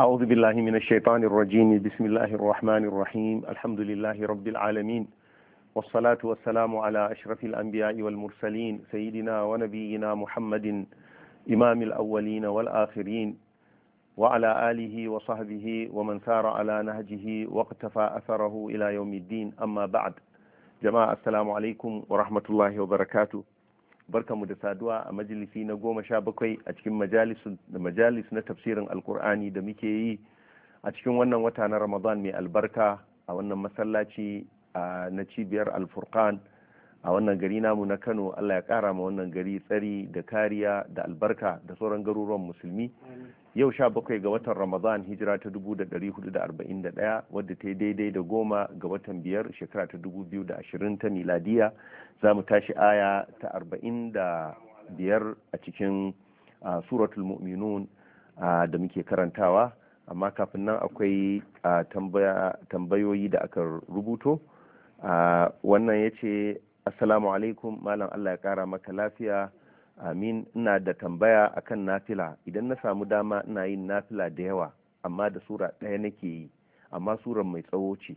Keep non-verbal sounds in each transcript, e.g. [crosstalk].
أعوذ بالله من الشيطان الرجيم بسم الله الرحمن الرحيم الحمد لله رب العالمين والصلاة والسلام على أشرف الأنبياء والمرسلين سيدنا ونبينا محمد إمام الأولين والآخرين وعلى آله وصحبه ومن سار على نهجه واقتفى أثره إلى يوم الدين أما بعد جماعة السلام عليكم ورحمة الله وبركاته barkamu da saduwa a majalisi na goma sha bakwai a cikin majalis na tafsirin alkur'ani da muke yi a cikin wannan wata na ramadan mai albarka a wannan masallaci na cibiyar alfurkan a wannan gari namu na kano allah ya kara ma wannan gari tsari da kariya da albarka da sauran garuruwan musulmi yau sha bakwai ga watan ramadan hijira ta dubu da dari hudu da arba'in da ɗaya wadda ta yi daidai da goma ga watan biyar shekara ta dubu biyu da ashirin ta miladiya za mu tashi aya ta arba'in da biyar a cikin suratul mu'minun da muke karantawa amma kafin nan akwai tambayoyi da aka rubuto wannan ya ce assalamu alaikum malam allah ya kara maka lafiya amin ina da tambaya akan nafila idan na samu dama ina yin nafila da yawa amma da sura ɗaya nake yi amma surar mai tsawo ce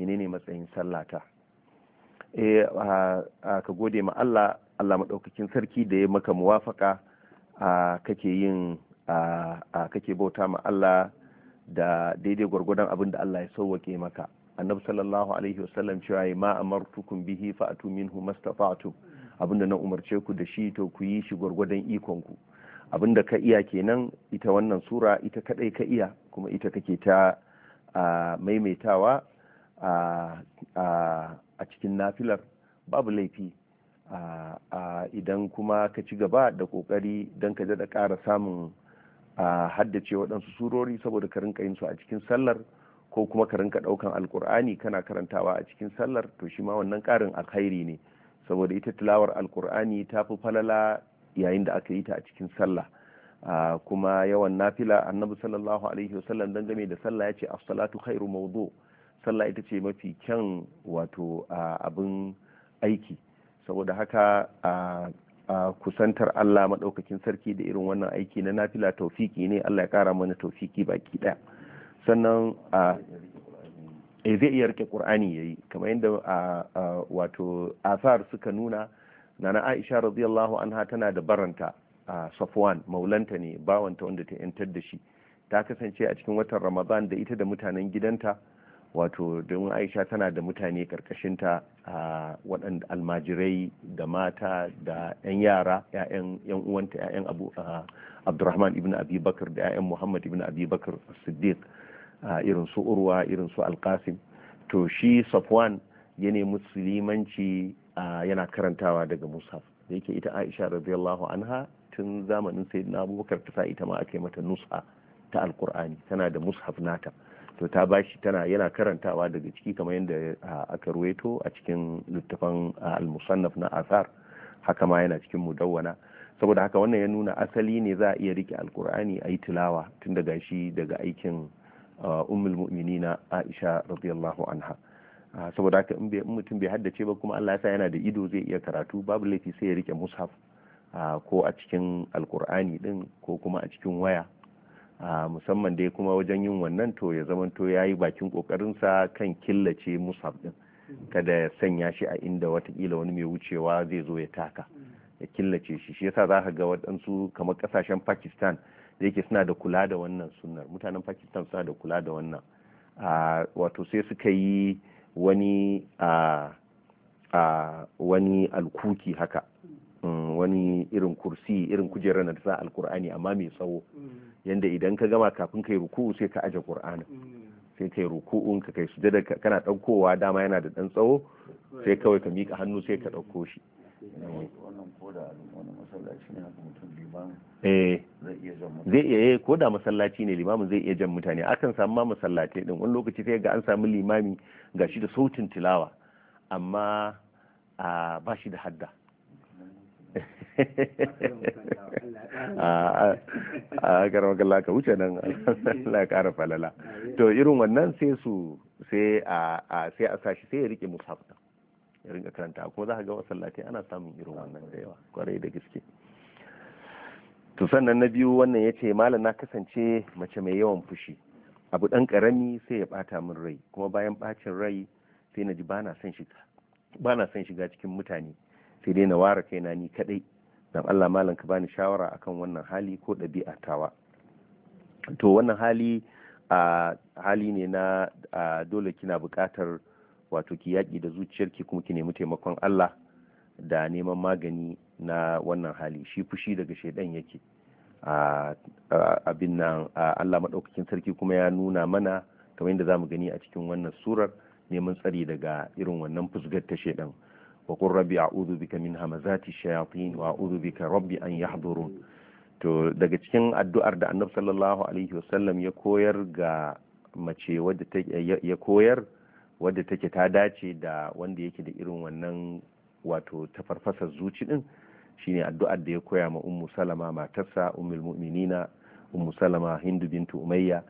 menene matsayin sallata eh ka gode ma Allah Allah madaukakin sarki da ya maka muwafaka kake yin kake bauta ma Allah da daidai gwargwadon abin da Allah ya sauwake maka annabi sallallahu alaihi wasallam cewa ma amartukum bihi fa'atu minhu mastata'tum abinda na umarce ku da shi to ku yi shi gwargwadon ikon ku abinda ka iya kenan ita wannan sura ita kadai ka iya kuma ita kake ta maimaitawa a cikin nafilar babu laifi idan kuma ka ci gaba da kokari don ka da ƙara samun haddace waɗansu surori saboda ka rinka yin su a cikin sallar ko kuma ka rinka ɗaukan alkur'ani kana karantawa a cikin sallar to shi ma wannan ƙarin alkhairi ne saboda ita tilawar alkur'ani ta fi falala yayin da aka yi ta a cikin sallah kuma yawan nafila annabi sallallahu alaihi wasallam game da sallah ya ce as-salatu khairu mawdu sallah ita ce mafi kyan wato abin aiki saboda haka a kusantar Allah maɗaukakin sarki da irin wannan aiki na nafila taufiki ne Allah ya kara mana taufiki baki ɗaya sannan eh zai iya rike qur'ani yayi kamar yadda wato asar suka nuna nana Aisha radiyallahu anha tana da baranta a Safwan maulanta ne bawanta wanda ta yantar da shi ta kasance a cikin watan Ramadan da ita da mutanen gidanta wato domin Aisha tana da mutane karkashinta a waɗanda almajirai da mata da 'yan yara 'yan uwanta 'ya'yan Abu Abdurrahman ibn Abi da yan Muhammad ibn Abi Bakar Siddiq irin su urwa irin su alkasim to shi safwan ya nemi musulmanci yana karantawa daga mushaf. yake ita aisha radiyallahu anha tun zamanin sayyidina abubakar ta sa ita ma aka yi mata nusa ta alkur'ani tana da mushaf nata to ta bashi tana yana karantawa daga ciki kamar yadda aka ruwaito a cikin littafan al-musannaf na asar haka ma yana cikin mudawwana saboda haka wannan ya nuna asali ne za a iya rike alkur'ani a yi tilawa tun daga shi daga aikin ummul mu'minina Aisha radiyallahu anha saboda haka in mutum bai haddace ba kuma Allah ya sa yana da ido zai iya karatu babu laifi sai ya rike mushaf ko a cikin alkur'ani din ko kuma a cikin waya musamman dai kuma wajen yin wannan to ya zamanto ya yi bakin kokarin sa kan killace mushaf din kada ya sanya shi a inda watakila wani mai wucewa zai zo ya taka ya killace shi shi yasa zaka ga waɗansu kamar ƙasashen pakistan da yake suna da kula da wannan sunnar mutanen pakistan suna da kula da wannan wato sai suka yi wani wani alkuki haka mm, wani irin kursi irin kujerar da sa alkur'ani amma mai tsawo mm. yanda idan ka gama kafin kai ruku'u sai ka aje kur'ani mm. sai kai ruku'un ka kai sujada kana ɗaukowa dama yana da ɗan tsawo sai kawai ka mika hannu sai ka ɗauko shi wannan ko da masallaci ne haka mutum eh zai iya eh, ko da masallaci ne limamin zai iya jan mutane akan samu ma masallatai din wani lokaci sai ga an samu limami shi da sautin tilawa amma a ba shi da hadda [laughs] a karamar kalla ka wuce nan Allah ya kara falala to irin wannan sai su sai a sai a sashi sai ya rike mushaf ya rinka karanta ko za ka ga masallatai ana samun irin wannan da yawa kwarai da gaske to sannan na biyu wannan ya ce malam na kasance mace mai yawan fushi abu ɗan ƙarami sai ya ɓata min rai kuma bayan ɓacin rai sai na ji ba na son shiga cikin mutane sai dai na ware kaina ni kaɗai don allah malam ka bani shawara akan wannan hali ko ɗabi'a tawa to wannan hali a hali ne na dole kina buƙatar wato ki yaƙi da zuciyarki kuma ki nemi taimakon allah da neman magani na wannan hali shi fushi daga shaidan yake abin nan Allah maɗaukakin sarki kuma ya nuna mana kamar yadda zamu gani a cikin wannan surar neman tsari daga irin wannan fusgar ta shaidan wa qur rabbi a'udhu bika min hamazati shayatin wa a'udhu bika rabbi an yahdurun to daga cikin addu'ar da annabi sallallahu alaihi wasallam ya koyar ga mace wadda ya koyar wadda take ta dace da wanda yake da irin wannan wato ta zuci din shine addu'ar da ya koya ma ummu salama matarsa ummul mu'minina ummu salama hindu bintu umayya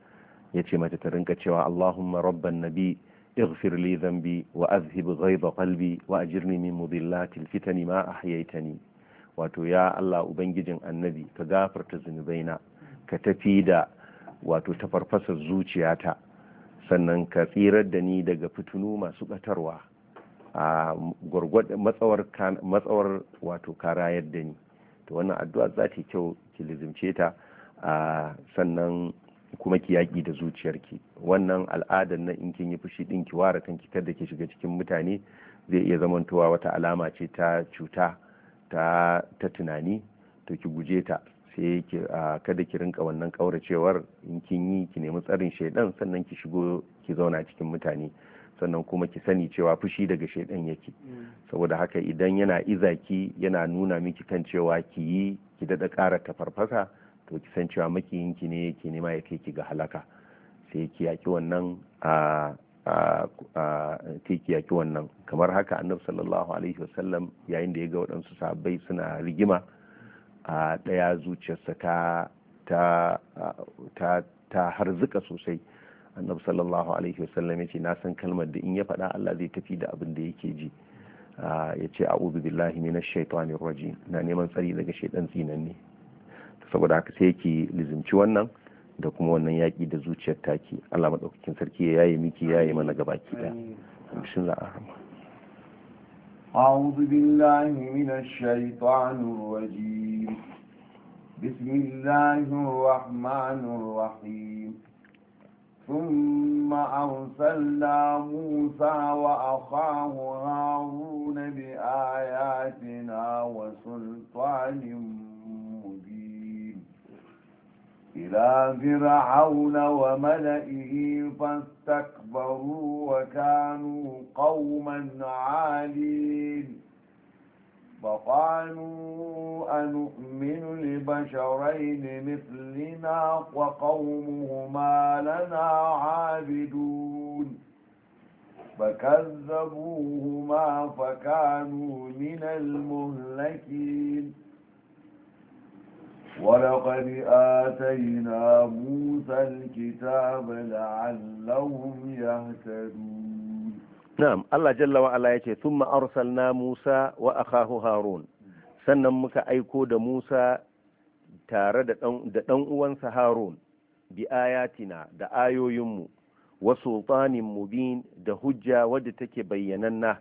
yace mata ta rinka cewa allahumma rabban nabi اغفر wa ذنبي وأذهب غيظ قلبي وأجرني من مضلات الفتن ما أحييتني wato ya Allah ubangijin annabi ka gafarta zunubaina ka tafi da wato tafarfasar zuciyata sannan ka tsirar da ni daga fitunu masu batarwa a gwargwad matsawar matsawar wato kara yadda ni to wannan addu'a za ta kyau ki lizimce ta a sannan kuma ki yaƙi da zuciyarki wannan al'adar na in kin yi fushi din ki ware kanki kada ki shiga cikin mutane zai iya zamantowa wata alama ce ta cuta ta ta tunani to ki guje ta sai ki kada ki rinka wannan kauracewar in kin yi ki nemi tsarin shaidan sannan ki shigo ki zauna cikin mutane sannan kuma ki sani cewa fushi daga shaidan yake mm. saboda haka idan yana izaki yana nuna miki kan cewa ki yi ki daɗa ƙara tafarfasa to ki san cewa makiyinki ne yake nema ya kai ki ga halaka sai ki yaki wannan wannan kamar haka annabi sallallahu alaihi wasallam yayin da ya ga waɗansu sahabbai suna rigima a ɗaya zuciyarsa ta ta ta harzuka sosai annabi sallallahu alaihi wasallam yace na san kalmar da in ya faɗa Allah zai tafi da abin da yake ji ah, ya ce a'udhu billahi minash shaitani rajim na neman tsari daga shaidan tsinanne saboda haka sai yake lizimci wannan da kuma wannan yaki da zuciyar taki Allah madaukakin sarki ya yaye miki ya yaye mana gabaki daya bismillahir أعوذ بالله من الشيطان الرجيم بسم الله الرحمن الرحيم ثم أرسلنا موسى وأخاه هارون بآياتنا وسلطان مبين إلى فرعون وملئه فاستكبروا وكانوا قوما عالين فقالوا أنؤمن لبشرين مثلنا وقومهما لنا عابدون فكذبوهما فكانوا من المهلكين ولقد آتينا موسى الكتاب لعلهم يهتدون na'am Allah jalla wa ala yace thumma arsalna Musa wa akahu Harun sannan muka aiko da Musa tare da dan uwansa Harun bi ayatina da ayoyinmu wa sultanin mubin da hujja wadda take bayyananna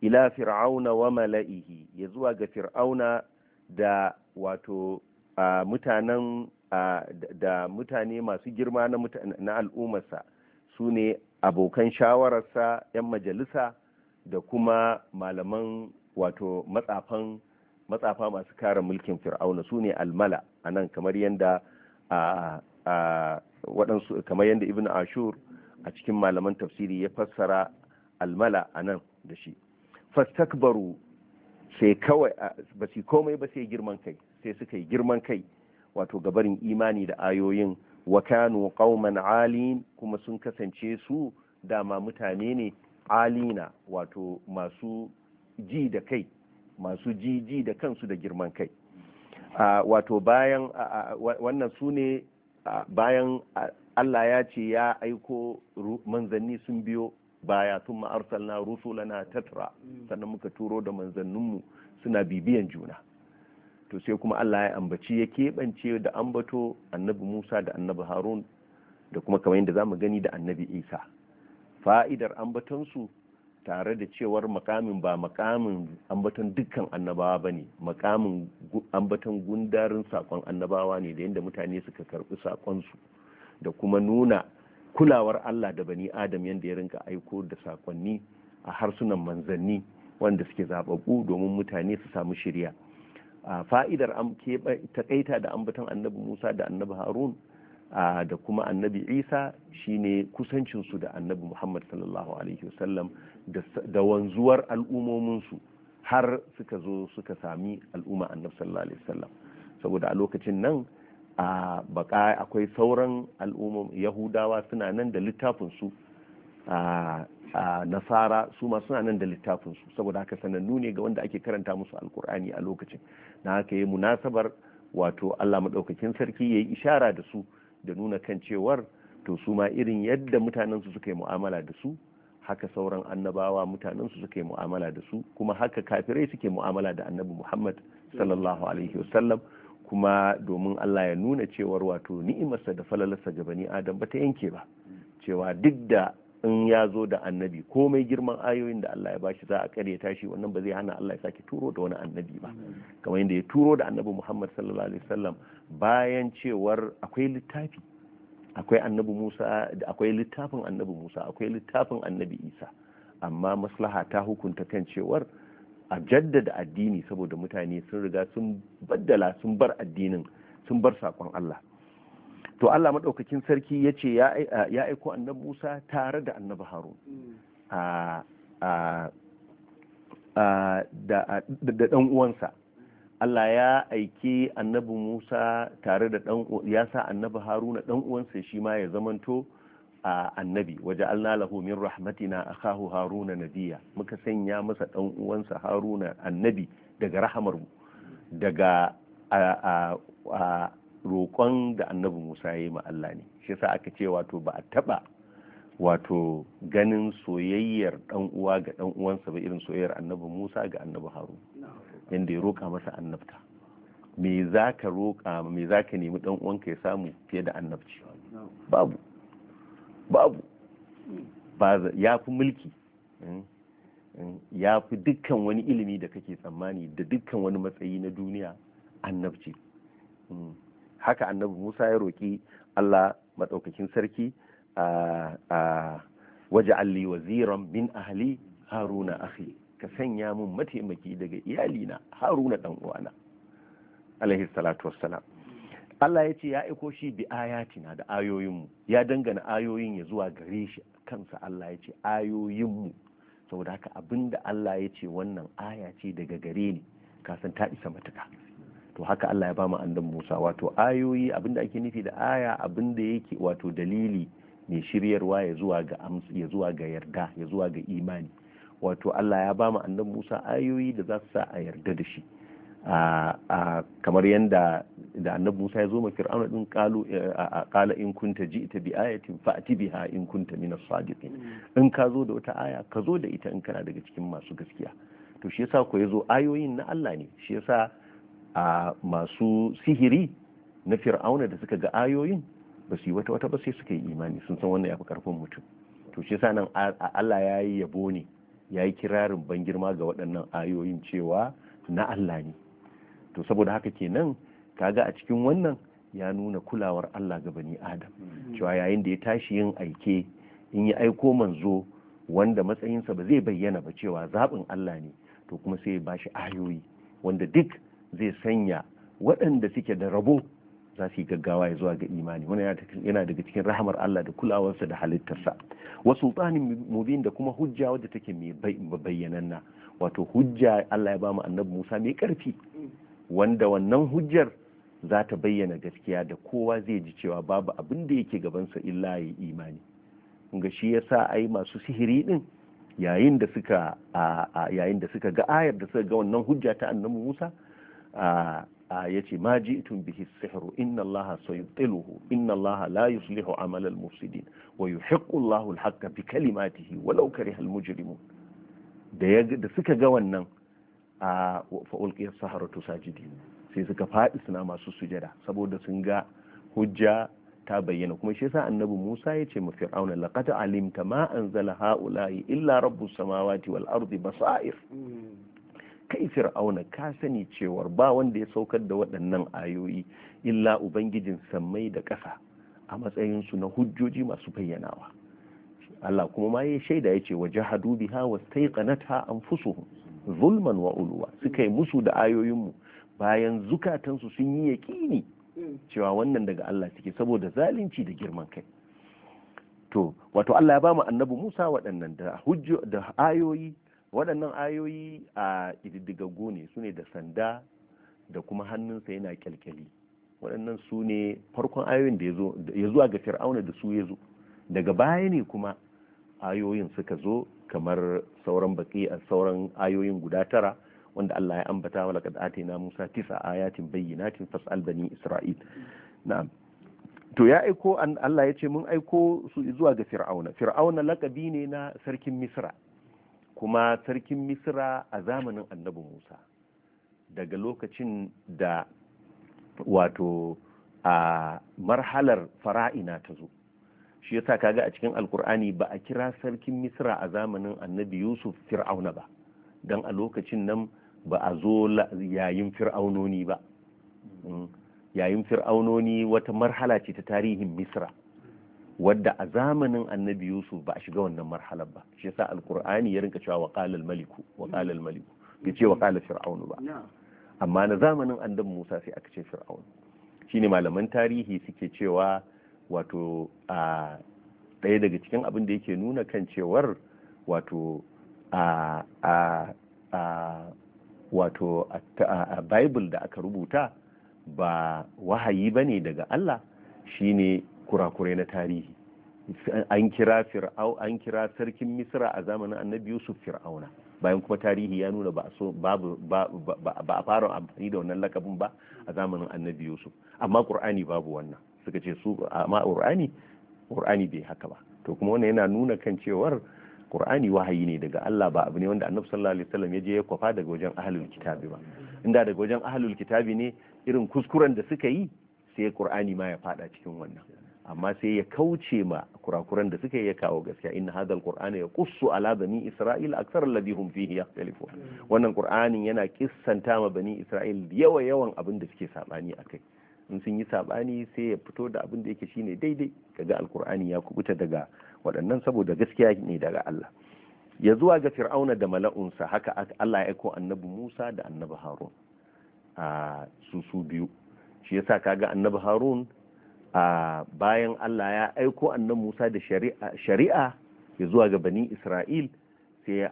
ila fir'auna wa mala'ihi ya zuwa ga fir'auna da wato mutanen da mutane masu girma na al'ummarsa su ne abokan shawararsa 'yan majalisa da kuma malaman wato matsafa masu kare mulkin fir'auna su ne almala a nan kamar yadda waɗansu kamar yadda ibn ashur a cikin malaman tafsiri ya fassara almala a nan da shi fastakbaru sai kawai ba su komai ba sai girman kai sai suka yi girman kai wato gabarin imani da ayoyin wa kanu qauman alin kuma sun kasance su dama mutane ne alina wato masu ji da kai masu ji ji da kansu da girman kai wato bayan wannan su ne bayan Allah ya ce ya aiko manzanni sun biyo baya sun ma'arsalna rusulana tatra mm. sannan muka turo da manzanninmu suna bibiyan juna to sai kuma Allah ya ambaci ya keɓance da ambato annabi Musa da annabi Harun da kuma kamar yadda zamu gani da annabi Isa fa'idar ambatonsu tare da cewar makamin ba makamin ambaton dukkan annabawa ba ne makamin ambaton gundarin sakon annabawa ne da yadda mutane suka karɓi sakonsu da kuma nuna kulawar Allah da bani Adam yadda ya rinka aiko da sakonni a harsunan manzanni wanda suke zaɓaɓɓu domin mutane su samu shirya. fa'idar takaita da ambaton annabi musa da annabi harun da kuma annabi isa shine kusancinsu da annabi muhammad sallallahu alaihi wasallam da wanzuwar al'ummominsu har suka zo suka sami al'umma annabi sallallahu alaihi wasallam saboda a lokacin nan a baka akwai sauran Al'umma yahudawa suna nan da littafinsu nasara su ma suna nan da littafin su saboda haka sanannu ne ga wanda ake karanta musu alkur'ani a lokacin na haka yi munasabar wato allah maɗaukakin sarki ya yi ishara da su da nuna kan cewar to su ma irin yadda mutanensu suka yi mu'amala da su haka sauran annabawa mutanensu suka yi mu'amala da su kuma haka kafirai suke mu'amala da annabi muhammad sallallahu alaihi wasallam kuma domin allah ya nuna cewar wato ni'imarsa da falalarsa ga bani adam ba ta yanke ba cewa duk da in ya zo da annabi komai girman ayoyin da Allah ya bashi za a karyata shi wannan ba zai hana Allah ya sake turo da wani annabi ba kamar yadda ya turo da annabi Muhammad sallallahu alaihi wasallam bayan cewar akwai littafi akwai annabi Musa akwai littafin annabi Musa akwai littafin annabi Isa amma maslaha ta hukunta kan cewar a jaddada addini saboda mutane sun riga sun baddala sun bar addinin sun bar sakon Allah to Allah maɗaukakin sarki ya ce ya aiko annabi Musa tare da annabi Harun mm. da ɗan uwansa Allah ya aiki annabi Musa tare da ɗan ya sa annabi Haruna ɗan uwansa shi ma ya zamanto a annabi waje Allah lahu min rahmatina akahu Haruna nabiya muka sanya masa ɗan uwansa Haruna annabi daga rahamar daga roƙon da annabi musa ya yi ma Allah ne shi yasa aka ce wato ba a taɓa wato ganin soyayyar ɗan uwa ga ɗan uwansa ba irin soyayyar annabi musa ga annabi harun yadda ya roƙa masa annabta me za ka roƙa me za ka nemi ɗan uwanka ya samu fiye da annabci babu babu ya fi mulki hmm? Hmm? ya fi dukkan wani ilimi da kake tsammani da dukkan wani matsayi na duniya annabci hmm? haka annabi musa ya roƙi allah maɗaukakin sarki a waje alli waziran bin ahli haruna akhi ka sanya mun mataimaki daga iyalina haruna dan uwana alaihi salatu wassalam Allah ya ce ya aiko shi bi ayatina da ayoyinmu ya dangana ayoyin ya zuwa gare shi kansa Allah ya ce ayoyinmu saboda haka abinda Allah ya ce wannan aya ce daga gare ni kasan ta isa matuka to haka Allah ya ba mu Musa wato ayoyi abinda ake nufi da aya abinda yake wato dalili mai shiryarwa ya zuwa ga ya zuwa ga yarda ya zuwa ga imani wato Allah ya ba mu annabi Musa ayoyi da za su sa a yarda da shi kamar yanda da annabi Musa ya zo ma Fir'auna din kalu qala in kunta ji'ta bi ayatin fa'ti biha in kunta min as-sadiqin mm. in ka zo da wata aya ka zo da ita in kana daga cikin masu gaskiya to shi yasa ko yazo ayoyin na Allah ne shi yasa a masu sihiri na fir'auna da suka ga ayoyin ba su yi wata wata ba sai suka yi imani sun san wannan ya fi karfin mutum to shi sa nan Allah ya yi yabo ne ya yi kirarin ban girma ga waɗannan ayoyin cewa na Allah ne to saboda haka kenan kaga a cikin wannan ya nuna kulawar Allah ga bani Adam cewa yayin da ya tashi yin aike in ya aiko manzo wanda matsayinsa ba zai bayyana ba cewa zaɓin Allah ne to kuma sai ya bashi ayoyi wanda duk zai sanya waɗanda suke da rabo za su yi gaggawa ya zuwa ga imani Wani yana daga cikin rahamar Allah da kulawarsa da halittarsa wa sultanin mubin da kuma hujja wadda take mai na. wato hujja Allah ya ba mu annabi Musa mai karfi wanda wannan hujjar za ta bayyana gaskiya da kowa zai ji cewa babu abin da yake gabansa illa ya imani ga shi ya yasa ai masu sihiri din yayin suka yayin da suka ga ayar da suka ga wannan hujja ta annabi Musa ya ce ma itun bihi sihru inna allaha tsiluhu inna allaha la yuslihu amal al mufsidin wa yuhiqqu allahu al haqqa bi kalimatihi walau kariha al mujrimun da da suka ga wannan a fa ulqiya saharatu sajidin sai suka faɗi suna masu sujada saboda sun ga hujja ta bayyana kuma shi yasa annabi Musa ya ce ma Fir'auna laqad alimta ma anzala ha'ula'i illa rabbus samawati wal ardi basair hmm. kai fir'auna ka sani cewar ba wanda ya saukar da waɗannan ayoyi illa ubangijin sammai da ƙasa a matsayinsu na hujjoji masu bayyanawa Allah kuma ma ya shaida ya ce wa jahadu biha wa staiqanatha anfusuhum zulman wa uluwa suka yi musu da ayoyinmu bayan zukatansu sun yi yaƙini cewa wannan daga Allah suke saboda zalunci da girman kai to wato Allah ya bamu annabi Musa waɗannan da hujjo da ayoyi waɗannan ayoyi a ƙididdigaggu ne su ne da sanda da kuma hannunsa yana kyalkyali waɗannan su ne farkon ayoyin da ya zuwa ga fir'auna da su ya zo daga baya ne kuma ayoyin suka zo kamar sauran baki a sauran ayoyin guda tara wanda Allah ya ambata wa laqad atina Musa tisa ayatin bayyinatin fas'al bani Isra'il na'am to ya aiko Allah ya ce mun aiko su zuwa ga fir'auna fir'auna lakabi ne na sarkin Misra kuma sarkin Misira a zamanin annabi musa daga lokacin da wato a marhalar fara'ina ta zo shi yasa kaga a cikin alkur'ani ba a kira sarkin Misira a zamanin annabi yusuf fir'auna ba don a lokacin nan ba a zo yayin fir'aunoni ba hmm. yayin fir'aunoni wata marhala ce ta tarihin Misira. wadda a zamanin annabi yusuf ba a shiga wannan marhalar ba shi yasa alkur'ani ya rinka cewa waqalal maliku waqalal maliku bai ce waqala fir'aunu ba amma na zamanin annabi musa sai aka ce fir'aunu shine malaman tarihi suke cewa wato a ɗaya daga cikin abin da yake nuna kan cewar wato a a a wato a bible da aka rubuta ba wahayi bane daga Allah shine kurakurai na tarihi an kira fir'au an kira sarkin misra a zamanin annabi yusuf fir'auna bayan kuma tarihi ya nuna ba so ba a fara amfani da wannan lakabin ba a zamanin annabi yusuf amma qur'ani babu wannan suka ce su amma qur'ani qur'ani bai haka ba to kuma wannan yana nuna kan cewar qur'ani wahayi ne daga Allah ba abu ne wanda annabi sallallahu alaihi wasallam ya je ya kwafa daga wajen ahlul kitabi ba inda daga wajen ahlul kitabi ne irin kuskuren da suka yi sai qur'ani ma ya fada cikin wannan amma sai ya kauce ma kurakuran da suka ya kawo gaskiya inna hadal qur'ana yaqussu ala bani isra'il aksar alladhi hum fihi yakhtalifun wannan qur'anin yana kissanta ma bani isra'il yawa yawan abin da suke sabani akai in sun yi sabani sai ya fito da abin da yake shine daidai kaga alqur'ani ya kubuta daga waɗannan saboda gaskiya ne daga Allah ya zuwa ga fir'auna da mala'unsa haka Allah ya aiko annabi Musa da annabi Harun a ah, su su biyu shi yasa kaga annabi Harun a bayan Allah ya aiko annan Musa da shari'a ya zuwa ga bani Isra'il sai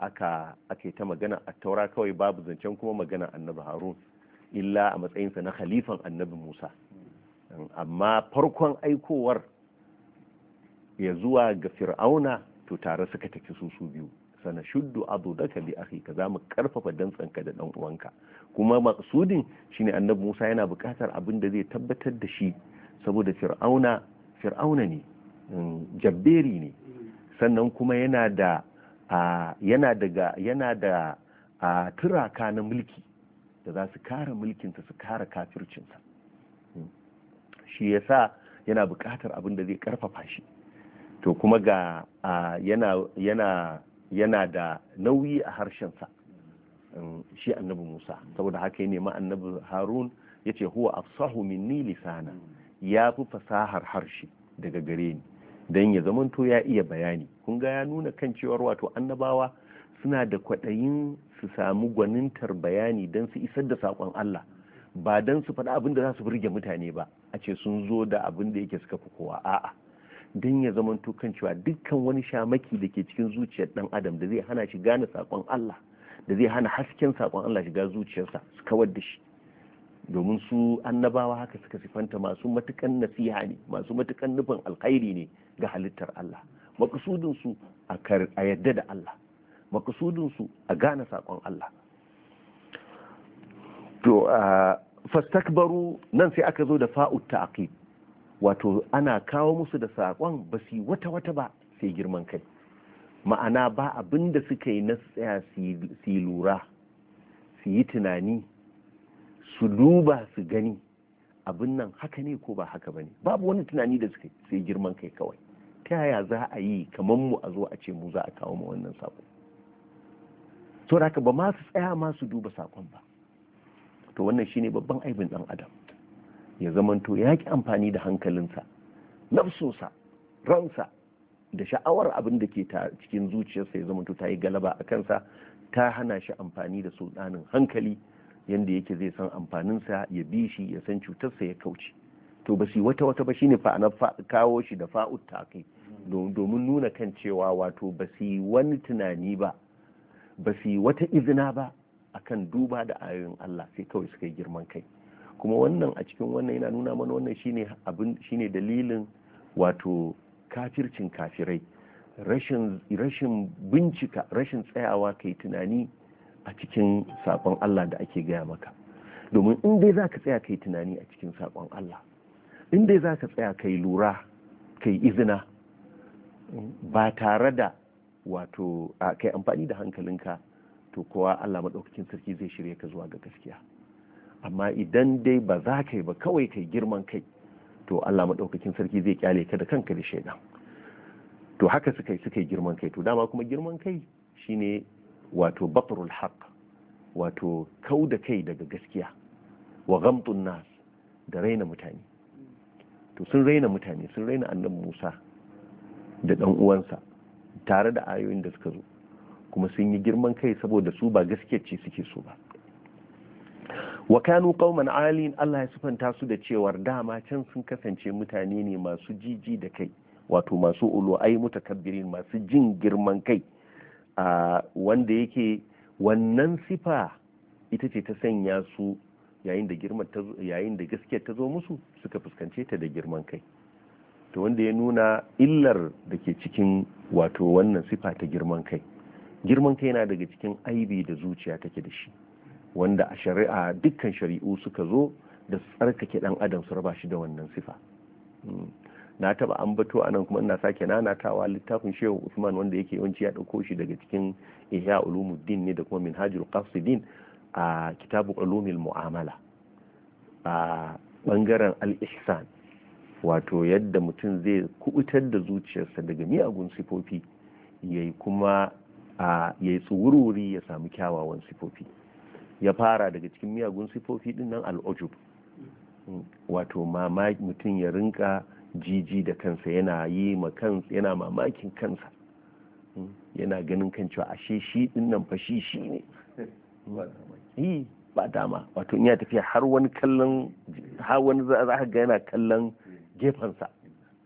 aka ake ta magana a taura kawai babu zancen kuma magana annabi Harun illa a matsayinsa na khalifan annabi Musa amma farkon aikowar ya zuwa ga fir'auna to tare suka tafi su su biyu sana shuddu adudaka bi ka za mu karfafa dantsanka da dan uwanka kuma maksudin shine annabi Musa yana buƙatar abin da zai tabbatar da shi saboda fir'auna fir'auna ne mm, jabberi ne sannan kuma yana da yana daga yana da turaka na mulki da za su kare mulkinsa su kare kafircinsa mm. shi yasa yana buƙatar abin da zai karfafa shi to kuma ga yana yana yana da nauyi a harshensa mm, shi annabi Musa saboda haka ya nemi annabi Harun yace huwa afsahu minni lisana ya fi fasahar harshe daga gare ni don ya zamanto ya iya bayani kun ga ya nuna kan cewar wato annabawa suna da kwaɗayin su samu gwanintar bayani don su isar da saƙon Allah ba don su faɗa abin da za su burge mutane ba a ce sun zo da abin da yake suka fi kowa a'a don ya zamanto kan cewa dukkan wani shamaki da ke cikin zuciyar ɗan adam da zai hana shi gane saƙon Allah da zai hana hasken saƙon Allah shiga zuciyarsa su kawar da shi domin su annabawa haka suka sifanta masu matukan nasiha ne masu matukan nufin alkhairi ne ga halittar Allah makasudin su a yadda da Allah makasudin a gane sakon Allah to fastakbaru nan sai aka zo da fa'ut ta'qib wato ana kawo musu da saƙon ba su wata wata ba sai girman kai ma'ana ba abin da suka yi na tsaya su yi lura su yi tunani su duba su gani abin nan haka ne ko ba haka bane babu wani tunani da suka sai girman kai kawai ta yaya za a yi kamar mu a zo a ce mu za a kawo ma wannan sako to haka ba ma su tsaya ma su duba sakon ba to wannan shine babban aibin dan adam ya zamanto ya ki amfani da hankalinsa nafsunsa ransa da sha'awar abin da ke ta cikin zuciyarsa ya zamanto ta yi galaba a kansa ta hana shi amfani da sultanin hankali yanda yake zai san amfanin sa ya bi shi ya san cutarsa ya kauce to ba shi wata wata ba shine fa kawo shi da fa'u kai domin nuna kan cewa wato ba su wani tunani ba ba su wata izina ba akan duba da ayoyin Allah sai kawai suka yi girman kai kuma wannan a cikin wannan yana nuna mana wannan shine abin shine dalilin wato kafircin kafirai rashin rashin bincika rashin tsayawa kai tunani a cikin saƙon Allah da ake gaya maka domin in dai za ka tsaya kai tunani a cikin saƙon Allah in dai za ka tsaya kai lura kai izina ba tare da wato a kai amfani da hankalinka to kowa Allah maɗaukacin sarki zai shirya ka zuwa ga gaskiya amma idan dai ba za ka yi ba kawai kai girman kai to Allah maɗaukakin sarki zai kyale ka da kanka da shaidan to haka suka yi suka yi girman kai to dama kuma girman kai shine wato batrul haq wato kau da kai daga gaskiya wa gamtun nas da raina mutane to sun raina mutane sun raina annabi Musa da dan uwansa tare da ayoyin da suka zo kuma sun yi girman kai saboda su ba gaskiya ce suke so ba wa kanu qauman alin Allah ya sifanta su da cewar dama can sun kasance mutane ne masu jiji da kai wato masu ulu ai mutakabbirin masu jin girman kai wanda yake wannan sifa ita ce ta sanya su yayin da girman ta yayin da gaskiyar ta zo musu suka fuskance ta da girman kai to wanda ya nuna illar da ke cikin wato wannan sifa ta girman kai girman kai yana daga cikin aibi da zuciya take da shi wanda a shari'a dukkan shari'u suka zo da tsarkake dan adam su raba shi da wannan sifa hmm. na taba ambato anan kuma ina sake nanatawa littafin shehu usman wanda yake yawanci ya dauko shi daga cikin ihya ulumuddin ne da kuma minhajul qasidin a kitabu ulumil mu'amala a bangaren al-ihsan wato yadda mutum zai kubutar da zuciyarsa daga miyagun sifofi yayi kuma a yayi tsururi ya samu kyawawan sifofi ya fara daga cikin miyagun sifofi din nan al wato mamaki mutum ya rinka jiji da kansa yana yi ma kansa yana mamakin kansa hmm? yana ganin kan cewa ashe shi din nan fa shi shi ne hmm? ba dama wato in ya tafiya har wani kallon har wani za ka ga yana kallon gefensa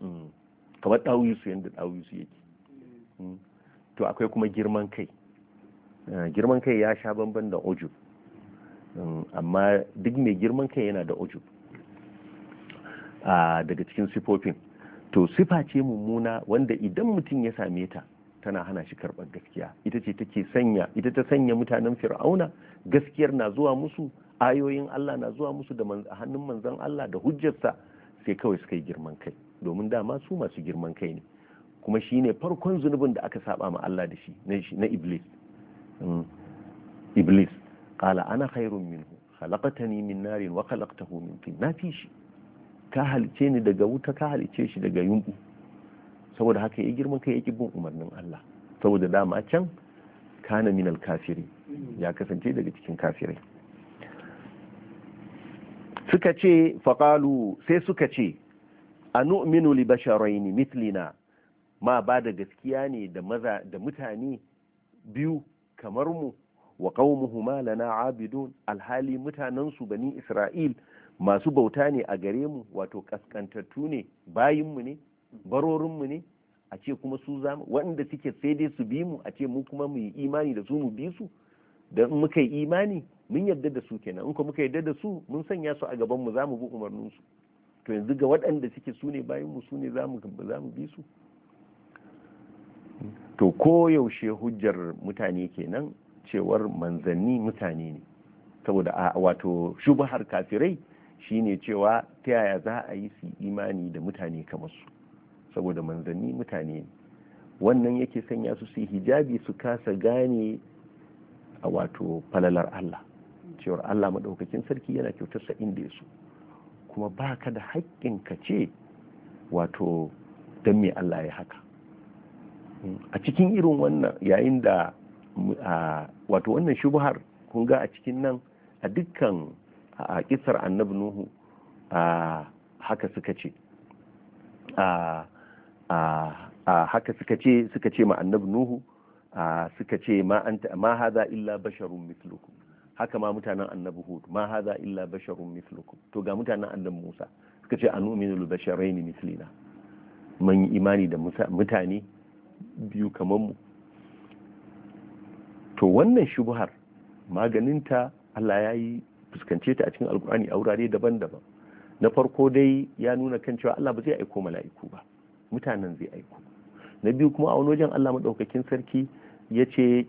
hmm. kamar su yadda su yake to akwai kuma girman kai eh, girman kai ya sha bamban da ujub amma duk mai girman kai yana da ujub daga cikin sifofin to sifa ce mummuna wanda idan mutum ya same ta tana hana shi karɓar gaskiya ita ce take sanya ita ta sanya mutanen fir'auna gaskiyar na zuwa musu ayoyin Allah na zuwa musu da hannun manzon Allah da hujjarsa sai kawai suka yi girman kai domin dama su masu girman kai ne kuma shi ne farkon zunubin da aka saba ma Allah da shi na iblis hmm. iblis qala ana khairun minhu khalaqtani min narin wa khalaqtahu min tin na fi shi ka halice ni daga wuta ka halice shi daga yunƙu saboda haka ya girman kai ƙi bin umarnin Allah saboda dama can kana minal kafiri ya kasance daga cikin kafirai suka ce faƙalu sai suka ce a nu'minu li basharaini mitlina ma ba da gaskiya ne da maza da mutane biyu kamar mu wa qaumuhuma lana abidun alhali mutanensu bani isra'il masu bauta ne a gare mu wato kaskantattu ne bayinmu ne barorinmu ne a ce kuma su zamu waɗanda suke sai dai su bi mu a ce mu kuma mu yi imani da su mu bi su da in muka yi imani mun yarda da su kenan in kuma muka yarda da su mun sanya su a gaban mu zamu bi umarnin su to yanzu ga waɗanda suke su ne bayin mu su ne zamu zamu bi su to ko yaushe hujjar mutane kenan cewar manzanni mutane ne saboda wato shubahar kafirai shine cewa ta yaya za a yi su imani da mutane kamar su saboda manzanni mutane ne wannan yake sanya su su hijabi su kasa gane a wato falalar Allah cewar Allah maɗaukakin sarki yana sa inda ya so kuma ba ka da haƙƙin ka ce wato don me Allah ya haka a cikin irin wannan yayin da wato wannan shubuhar kun ga a cikin nan a dukkan a kisar annabi nuhu a haka suka ce a haka suka ce suka ce ma annabi nuhu suka ce ma anta illa basharun mithlukum haka ma mutanen annabi hud ma hadha illa basharun mithlukum to ga mutanen annabi musa suka ce anu'minu lil basharaini mislina mun yi imani da mutane biyu kamar mu to wannan shubuhar maganinta Allah ya yi fuskance ta a cikin alkur'ani a wurare daban-daban na farko dai ya nuna kan cewa Allah ba zai aiko mala'iku ba mutanen zai aiko na biyu kuma a wani wajen Allah madaukakin sarki yace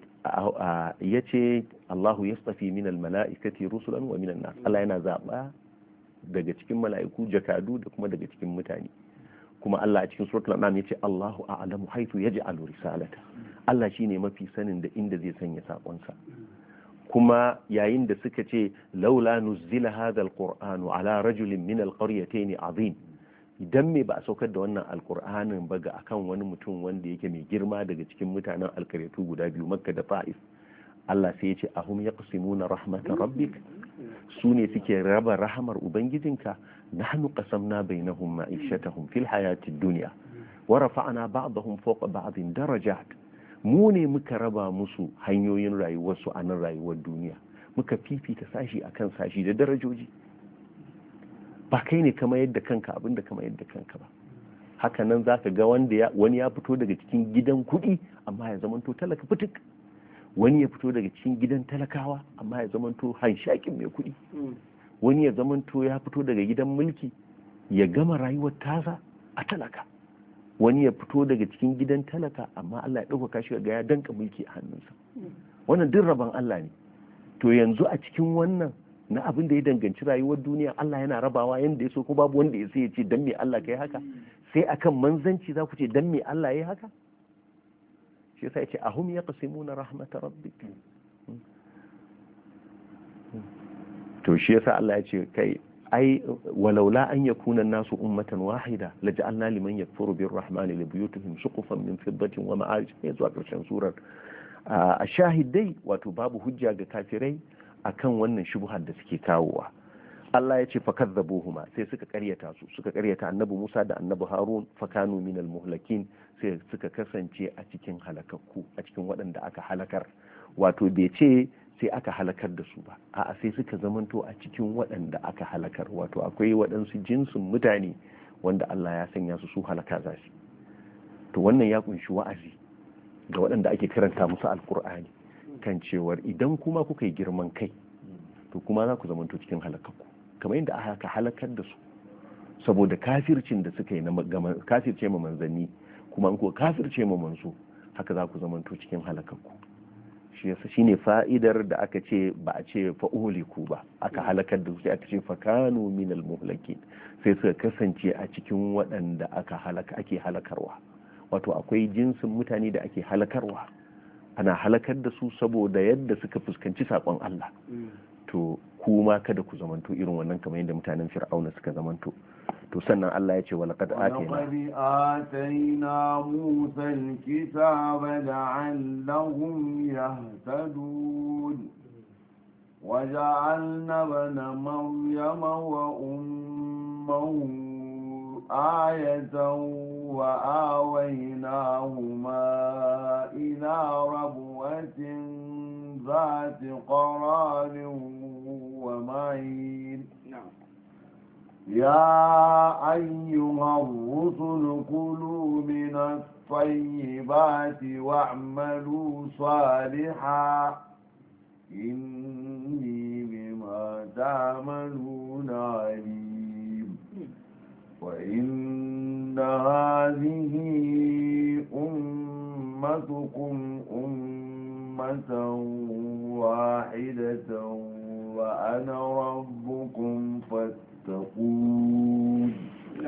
yace Allahu yastafi min almala'ikati rusulan wa minan nas Allah yana zaba daga cikin mala'iku jakadu da kuma daga cikin mutane kuma Allah a cikin suratul anam yace Allahu a'lamu haythu yaj'alu risalata Allah shine mafi sanin da inda zai sanya sakonsa kuma yayin da suka ce laula nuzila hadha alqur'anu ala rajulin min alqaryatayn azim idan me ba a saukar da wannan alqur'anin ba ga akan wani mutum wanda yake mai girma daga cikin mutanen alkaryatu guda biyu makka da fa'is Allah sai ya ce ahum yaqsimuna rahmatan rabbik su ne suke raba rahamar ubangijinka nahnu qasamna bainahum ma'ishatahum fil hayatid dunya wa rafa'na ba'dahum fawqa ba'din darajat mu ne muka raba musu hanyoyin rayuwarsu a nan rayuwar duniya muka fifita sashi a kan sashi da darajoji ba kai ne kama yadda kanka abinda da kama yadda kanka ba haka nan za ka ga wani ya fito daga cikin gidan kuɗi amma ya zamanto talaka fitik wani ya fito daga cikin gidan talakawa amma ya zamanto hanshakin mai kuɗi wani ya zamanto ya fito daga gidan mulki ya gama rayuwar taza a talaka wani ya fito daga cikin gidan talaka amma Allah ya ɗaukaka shi ga ya danka mulki a hannunsa wannan duk rabon Allah ne to yanzu a cikin wannan na abin da ya danganci rayuwar duniya Allah yana rabawa yanda ya so ko babu wanda ya sai ya ce dan me Allah kai haka sai akan manzanci za ku ce dan me Allah yayi haka shi yasa yace ahum yaqsimuna rahmat rabbika to shi yasa Allah ya ce kai ai walaula an yakuna nasu ummatan wahida ja'alna liman yakfuru rahmani li buyutihim suqufan min fiddatin wa ma'arij ya zuwa karshen surar a shahidai wato babu hujja ga kafirai akan wannan shubuhar da suke kawowa Allah ya ce fakazzabuhuma sai suka karyata su suka karyata annabi Musa da annabi Harun fakanu minal muhlakin sai suka kasance a cikin halakakku a cikin waɗanda aka halakar wato bai ce sai aka halakar da su ba a'a sai suka zamanto a cikin waɗanda aka halakar wato akwai waɗansu jinsin mutane wanda Allah ya sanya su su halaka za su to wannan ya kunshi wa'azi ga waɗanda ake karanta musu alkur'ani kan cewar idan kuma kuka yi girman kai to kuma za ku zamanto cikin halakarku kamar yadda aka halakar da su saboda kafircin da suka yi na kafirce ma manzanni kuma in ko kafirce ma manzo haka za ku zamanto cikin halakarku. shi ne shine fa'idar da aka ce ba a ce fa'uliku ba aka halakar da su aka ce fakanu minal muhlakin sai suka kasance a cikin waɗanda aka halaka ake halakarwa wato akwai jinsin mutane da ake halakarwa ana halakar da su saboda yadda suka fuskanci saƙon Allah mm. to kuma kada ku zamanto irin wannan kamar yadda mutanen fir'auna suka zamanto to sannan Allah ya ce wa laqad atayna atayna Musa al-kitaba la'allahum yahtadun waja'alna bana Maryam wa ummuhu ayatan wa awaynahuma ila rabwatin ذات قرار ومعين يا أيها الرسل كلوا من الطيبات واعملوا صالحا إني بما تعملون عليم وإن هذه أمتكم أمة واحدة وأنا ربكم فاتقوا يتقون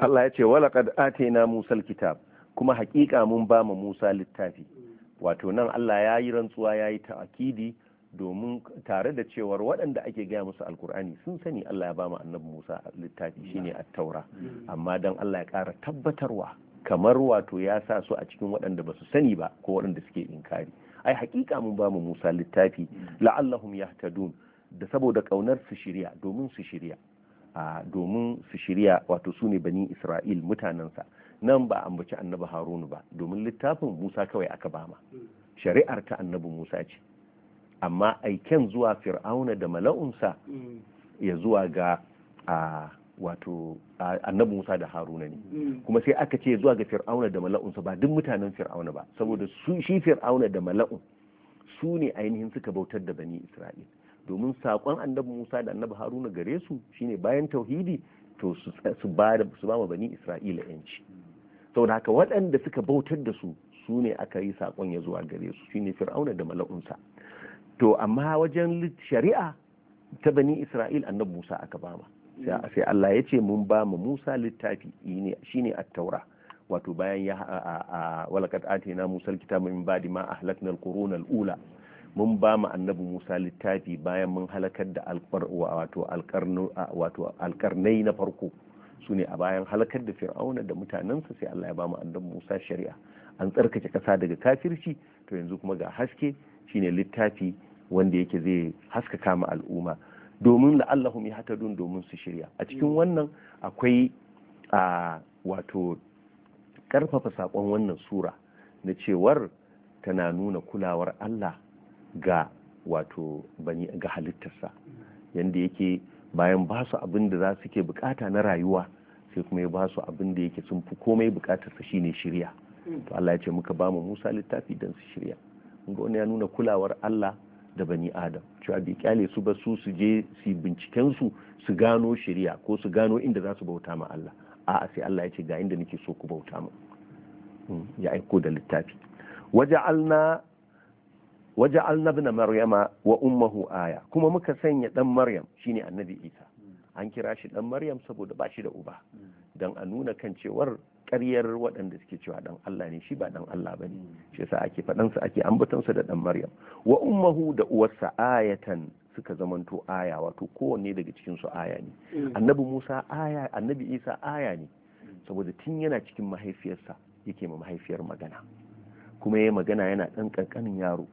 الله يتي ولقد آتينا موسى الكتاب كما musa littafi wato nan Allah ya yi rantsuwa ya yi ta'akidi domin tare da cewar waɗanda ake gaya musu alkur'ani sun sani Allah ya bama annabi Musa littafi shine at-taura amma dan Allah ya ƙara tabbatarwa kamar wato ya sa su a cikin waɗanda ba su sani ba ko waɗanda suke inkari ai haƙiƙa mun bamu Musa littafi la'allahum yahtadun da saboda kaunar su shirya domin su shirya domin su shirya wato su ne bani isra'il mutanensa nan ba ambaci annabi harunu ba domin littafin musa kawai aka bama shari'ar ta annabi musa ce amma aiken zuwa fir'auna da mala'unsa mm. ya zuwa ga wato annabi musa da haruna ne mm. kuma sai aka ce zuwa ga fir'auna da mala'unsa ba duk mutanen fir'auna ba saboda shi fir'auna da mala'un su ne ainihin suka bautar da bani isra'il domin saƙon annabi musa da annabi haruna gare su shine bayan tauhidi to su ba bani isra'ila yanci da haka waɗanda suka bautar da su sune ne aka yi saƙon ya zuwa gare su shine fir'auna da mala'unsa to amma wajen shari'a ta bani isra'il annabi musa aka ba ma sai allah ya ce mun ba mu musa littafi shine at-taura wato bayan ya walakat atina musal kitabu min ba'di ma ahlakna al-quruna al-ula mun ba mu annabi Musa littafi bayan mun halakar da alƙar na farko su ne a bayan halakar da fir'auna da mutanensa sai Allah ya ba mu annabi Musa shari'a an tsarkake ƙasa daga kafirci to yanzu kuma ga haske shine littafi wanda yake zai haskaka ma al'umma domin la'allahum yahtadun domin su shirya a cikin wannan akwai a wato karfafa saƙon wannan sura na cewar tana nuna kulawar Allah ga wato bani ga halittarsa yanda yake bayan ba su abin da za su ke bukata na rayuwa sai kuma ya ba su abin da yake sun fi komai bukatarsa shine shirya to Allah ya ce muka ba mu Musa littafi dan su shirya ga wani ya nuna kulawar Allah da bani Adam cewa bai kyale su ba su su je su binciken su su gano shirya ko su gano inda za su bauta ma Allah a'a sai Allah ya ce ga inda nake so ku bauta mu hmm, ya aiko da littafi waja'alna waje na maryama wa ummahu aya kuma muka sanya dan maryam shine annabi isa an kira shi dan maryam saboda ba shi da uba dan a nuna kan cewar ƙaryar waɗanda suke cewa dan Allah ne shi ba dan Allah bane shi yasa ake faɗansa ake ambaton sa da dan maryam wa ummuhu da uwarsa ayatan suka zamanto aya wato kowanne daga cikin su aya ne annabi Musa aya annabi Isa aya ne saboda tun yana cikin mahaifiyarsa yake ma mahaifiyar magana kuma yayi magana yana ɗan kankanin yaro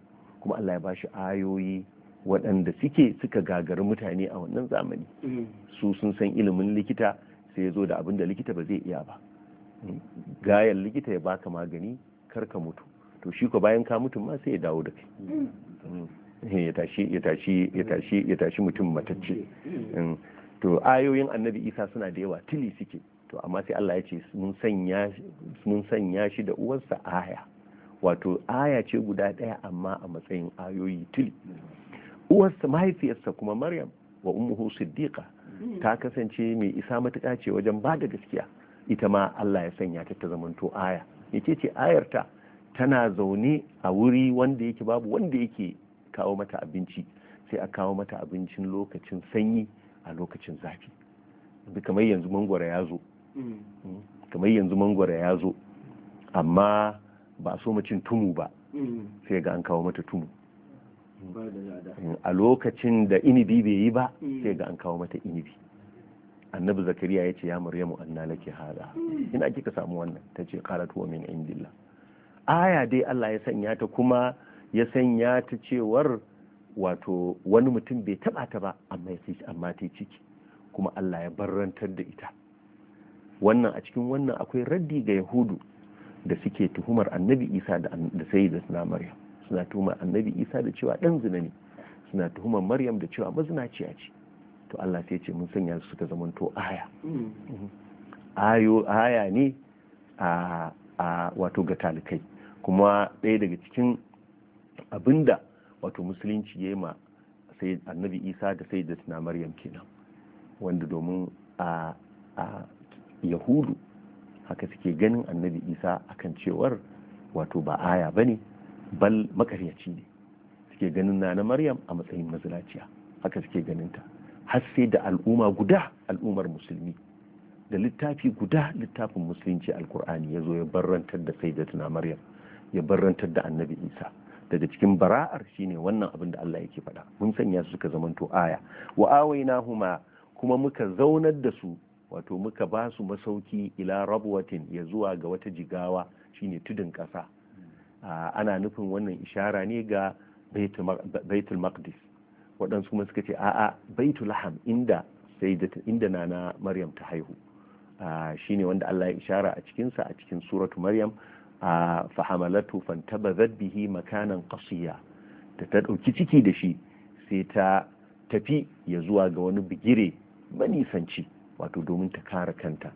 kuma Allah ya bashi ayoyi waɗanda suke suka gagari mutane a wannan zamani mm-hmm. su sun san ilimin likita sai ya zo da abin da likita ba zai iya ba gayan likita ya baka magani kar ka mutu to shi ko bayan ka mutum ma sai ya dawo da kai mm-hmm. eh, ya tashi ya tashi mutum matacce mm-hmm. mm. to ayoyin annabi isa suna da yawa tili suke to amma sai Allah ya ce mun sanya shi da uwarsa aya wato aya ce guda ɗaya amma a matsayin ayoyi tuli uwarsa mahaifiyarsa kuma maryam wa Umuhu siddiqa hmm. ta kasance mai isa matuƙa ce wajen ba da gaskiya ita ma Allah ya sanya ta ta zamanto aya yake ce ayarta tana zaune a wuri wanda yake babu wanda yake kawo mata abinci sai a kawo mata abincin lokacin sanyi a lokacin zafi kamar yanzu mangwara ya zo hmm. Hmm. kamar yanzu mangwara ya zo amma ba so macin tumu ba mm. sai ga an kawo mata tumu a lokacin da inibi bai yi ba mm. sai ga an kawo mata inibi annabi zakariya ya ce ya maryamu anna laki hada mm. ina kika samu wannan ta ce qalat wa min indillah aya dai Allah ya sanya ta kuma ya sanya ta cewar wato wani mutum bai taba ta ba amma ya amma ta ciki kuma Allah ya barrantar da ita wannan a cikin wannan akwai raddi ga yahudu da suke tuhumar annabi isa da sai da suna maryam suna tuhumar annabi isa da cewa dan zina ne suna tuhumar maryam da cewa mazinaciya ce to allah sai ce mun sanya su suka zamanto aya mm. aya ne a wato ga talikai kuma ɗaya daga cikin abinda wato musulunci ya ma annabi isa da sai da suna maryam kenan wanda domin a yahudu haka suke ganin annabi isa akan cewar wato ba aya ba ne bal makaryaci ne suke ganin na na maryam a matsayin mazinaciya haka suke ganin ta har sai da al'umma guda al'ummar musulmi da littafi guda littafin musulunci alkur'ani ya zo ya barrantar da sai da tuna maryam ya barrantar da annabi isa daga cikin bara'ar shine wannan abin da allah yake faɗa mun sanya su suka zamanto aya wa huma kuma muka zaunar da su wato muka ba su masauki ila rabuwatin ya zuwa ga wata jigawa shine tudun ƙasa ana nufin wannan ishara ne ga baitul maqdis waɗansu kuma suka ce a'a baitul laham inda inda nana maryam ta haihu shine wanda Allah ya ishara a cikinsa a cikin suratu maryam fa hamalatu fantabazat bihi makanan qasiya da ta ɗauki ciki da shi sai ta tafi ya zuwa ga wani bigire manisanci wato domin ta kare kanta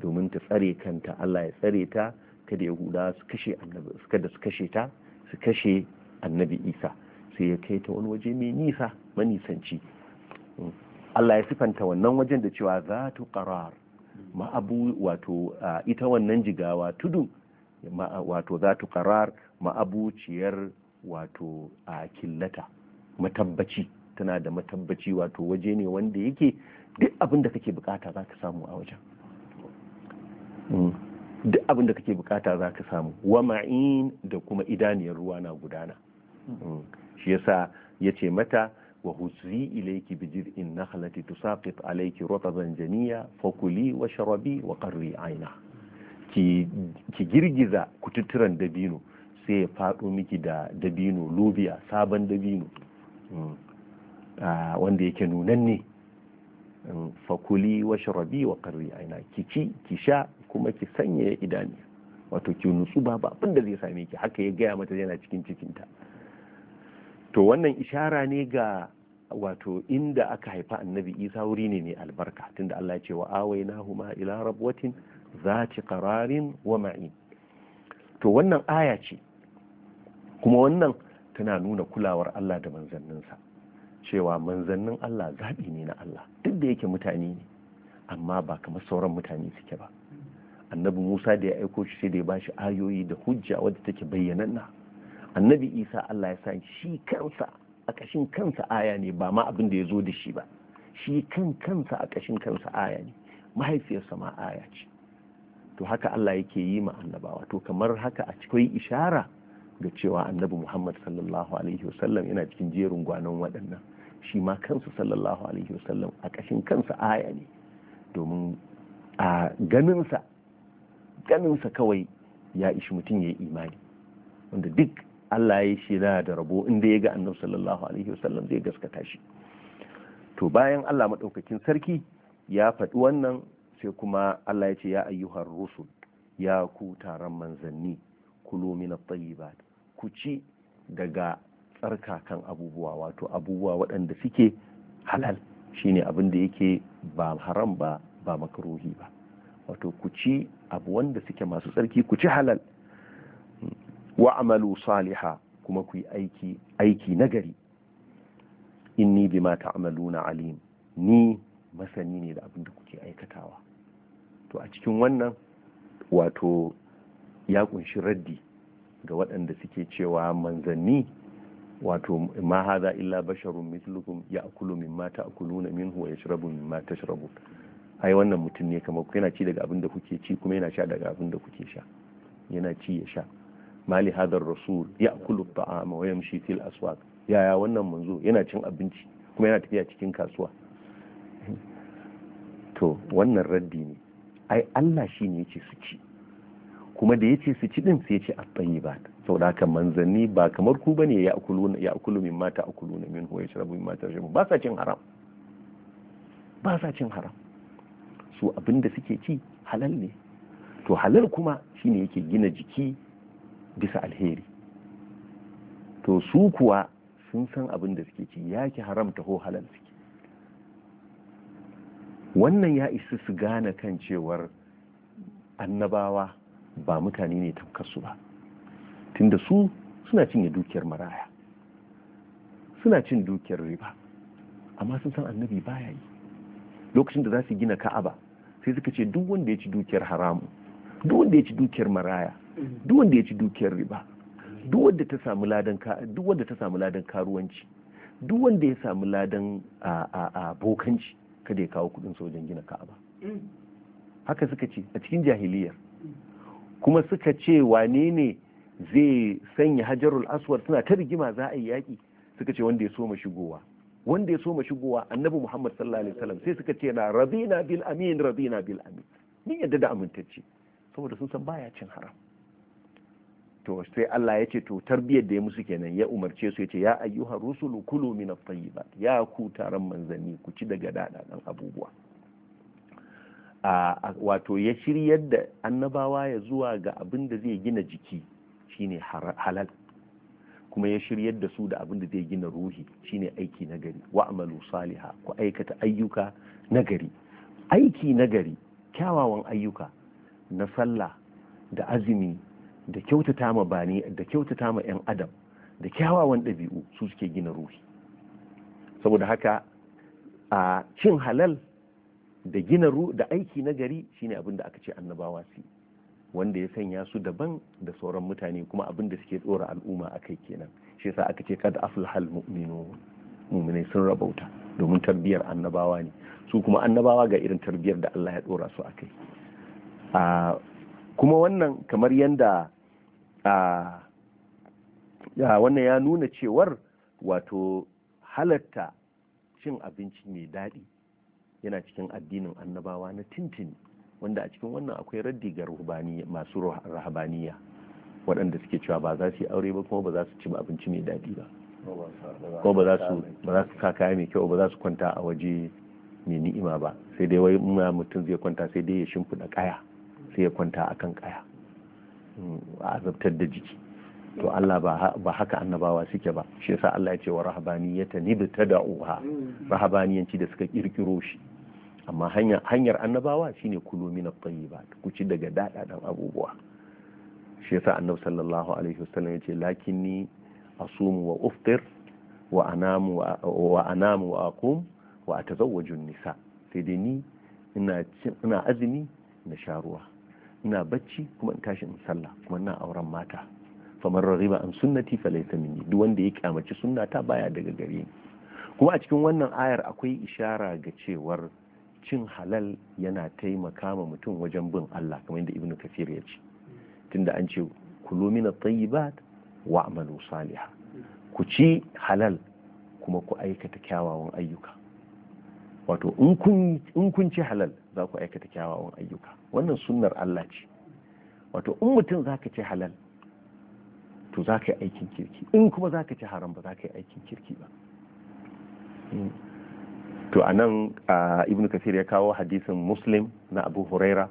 domin ta tsare kanta Allah ya tsare ta kada yahuda su kashe annabi kada su kashe ta su kashe annabi isa sai ya kai ta wani waje mai nisa manisanci Allah ya sifanta wannan wajen da cewa za tu qarar ma'abu wato ita wannan jigawa tudu wato za tu qarar ma'abuciyar wato a killata matabbaci tana da matabbaci wato waje ne wanda yake duk abin da kake bukata za ka samu a wajen mm. duk abin da kake bukata za ka samu wa ma'in da kuma idaniyar ruwa na gudana mm. shi yasa ya ce mata wa huzri ilayki bi jir'in nakhlati tusaqit alayki rutban janiya fakuli wa sharabi wa karri aina ki girgiza kututturan dabino sai ya faɗo miki da dabino lubiya sabon dabino mm. ah, wanda yake nunan ne fakuli wa sharabi wa karri aina ki ki sha kuma ki sanya idani wato ki nutsu ba abin da zai same ki haka ya gaya mata yana cikin cikinta to wannan ishara ne ga wato inda aka haifa annabi isa wuri ne ne albarka tunda allah ce wa awai huma ila rabwatin ci kararin wa ma'in to wannan aya ce kuma wannan tana nuna kulawar allah da manzanninsa cewa manzannin Allah zaɓi ne na Allah duk da yake mutane ne amma ba kamar sauran mutane suke ba annabi Musa da ya aiko shi sai da ya shi ayoyi da hujja wadda take bayyananna annabi Isa Allah ya sa shi kansa a kashin kansa aya ne ba ma abin da ya zo da shi ba shi kan kansa a kashin kansa aya ne mahaifiyarsa ma aya ce to haka Allah yake yi ma annabawa to kamar haka a cikin ishara ga cewa annabi muhammad sallallahu alaihi wasallam yana cikin jerin gwanon waɗannan shi ma kansa sallallahu alaihi wasallam a ƙashin kansa aya ne domin a ganinsa ganinsa kawai ya ishi mutum ya yi imani wanda duk allah ya shi da rabo inda ya ga annabi sallallahu alaihi wasallam zai gaskata shi to bayan allah maɗaukakin sarki ya faɗi wannan sai kuma allah ya ce ya ayyuhar rusul ya ku taron manzanni kulu min at-tayyibat ku ci daga tsarkakan abubuwa wato abubuwa waɗanda suke halal shine abin da yake ba haram ba ba makaruhi ba wato ku ci abu wanda suke masu tsarki ku ci halal wa amalu saliha kuma ku yi aiki aiki nagari inni bima ta'maluna alim ni masani ne da abin da kuke aikatawa to a cikin wannan wato ya kunshi raddi ga waɗanda suke cewa manzanni wato ma haza illa basharun mislukum ya akulu huwa ya shirabu min yashrabu mimma tashrabun ai wannan mutum ne kamar yana ci daga abin da kuke ci kuma yana sha daga abin da kuke sha yana ci ya sha mali hadar rasul ya akulu ta'ama wa yamshi fil aswaq yaya wannan manzo yana cin abinci kuma yana tafiya cikin kasuwa [laughs] to wannan raddi ne ai Allah shi ne yake su ci kuma da yace su ci din sai ce yace at Sau saboda haka manzanni ba kamar ku bane ya akuluna ya akulu mata ta akuluna minhu ya shirabu min mata shirabu ba sa cin haram ba sa cin haram su abinda suke ci halal ne to halal kuma shine yake gina jiki bisa alheri to su kuwa sun san abin da suke ci ya ki haramta ho halal suke wannan ya isa su gane kan cewar annabawa ba mutane ne su ba tunda su suna cinye dukiyar maraya suna cin dukiyar riba amma sun san annabi baya yi lokacin da za su gina ka'aba sai suka ce duk wanda ya ci dukiyar haramu duk wanda ya ci dukiyar maraya duk wanda ya ci dukiyar riba duk wanda ta samu ladan karuwanci duk wanda ya samu ladan a bokanci kada ya kawo kudin sojan gina ka'aba mm. haka suka ce a cikin jahiliyar kuma suka ce wane ne zai sanya hajarul aswar suna ta rigima za a yi yaƙi suka ce wanda ya so ma shigowa wanda ya so ma shigowa annabi muhammad sallallahu alaihi wasallam sai suka ce na rabina bil amin rabina bil amin ni yadda da amintacce saboda sun san baya cin haram to sai Allah ya ce to tarbiyyar da ya musu kenan ya umarce su ya ce ya ayyuhar rusulu kulu min at-tayyibat ya ku taron manzani ku ci daga dadan abubuwa a wato ya shiryar da annabawa ya zuwa ga abin da zai gina jiki shine halal kuma ya shiryar da su da abin da zai gina ruhi shine aiki nagari wa'amalu saliha ku aikata ayyuka nagari aiki nagari kyawawan ayyuka na sallah da azumi da kyautata ma bani da kyautata ma yan adam da kyawawan ɗabi'u su suke gina ruhi saboda haka a cin halal da gina ru da aiki na gari shine abin da aka ce annabawa su wanda ya sanya su daban da sauran mutane kuma abin da suke tsora al'umma akai kenan shi yasa aka ce kad aflahal mu'minu mu'minai sun rabauta domin tarbiyar annabawa ne su kuma annabawa ga irin tarbiyar da Allah ya tsora su akai a kuma wannan kamar yanda a wannan ya nuna cewar wato halatta cin abinci mai daɗi yana cikin addinin annabawa na tintin wanda a cikin wannan akwai raddi ga masu rahabaniya waɗanda suke cewa ba za su yi aure ba kuma ba za su ci abinci mai daɗi ba ko ba za su sa kaya mai kyau ba za su kwanta a waje mai ni'ima ba sai dai wai mutum zai kwanta sai dai ya shimfiɗa kaya sai ya kwanta a kan kaya mm, a azabtar da jiki to Allah ba haka annabawa suke ba shi yasa Allah ya ce wa rahabaniyata nibtada'uha mm. rahabaniyanci da suka kirkiro shi amma hanyar annabawa shine kulo na at-tayyibat ku ci daga dadadan abubuwa shi yasa annabi sallallahu alaihi wasallam yace lakinni asumu wa uftir wa anamu wa anamu wa aqum wa atazawwaju nisa sai dai ni ina ina azumi na sharuwa ina bacci kuma in tashi in salla kuma ina auren mata faman rariba an sunnati falaysa minni duk wanda ya kyamaci sunnata baya daga gare ni kuma a cikin wannan ayar akwai ishara ga cewar cin halal yana taimaka ma mutum wajen bin Allah kamar yadda ibnu kafir ya ce tunda an ce kulu min at-tayyibat wa amalu salihah ku ci halal kuma ku aikata kyawawan ayyuka wato in kun ci halal za ku aikata kyawawan ayyuka wannan sunnar Allah ce wato in mutum za ci halal to za ka yi aikin kirki in kuma za ka ci haram ba za ka yi aikin kirki ba hmm. to a nan ibn kasir ya kawo hadisin muslim na abu huraira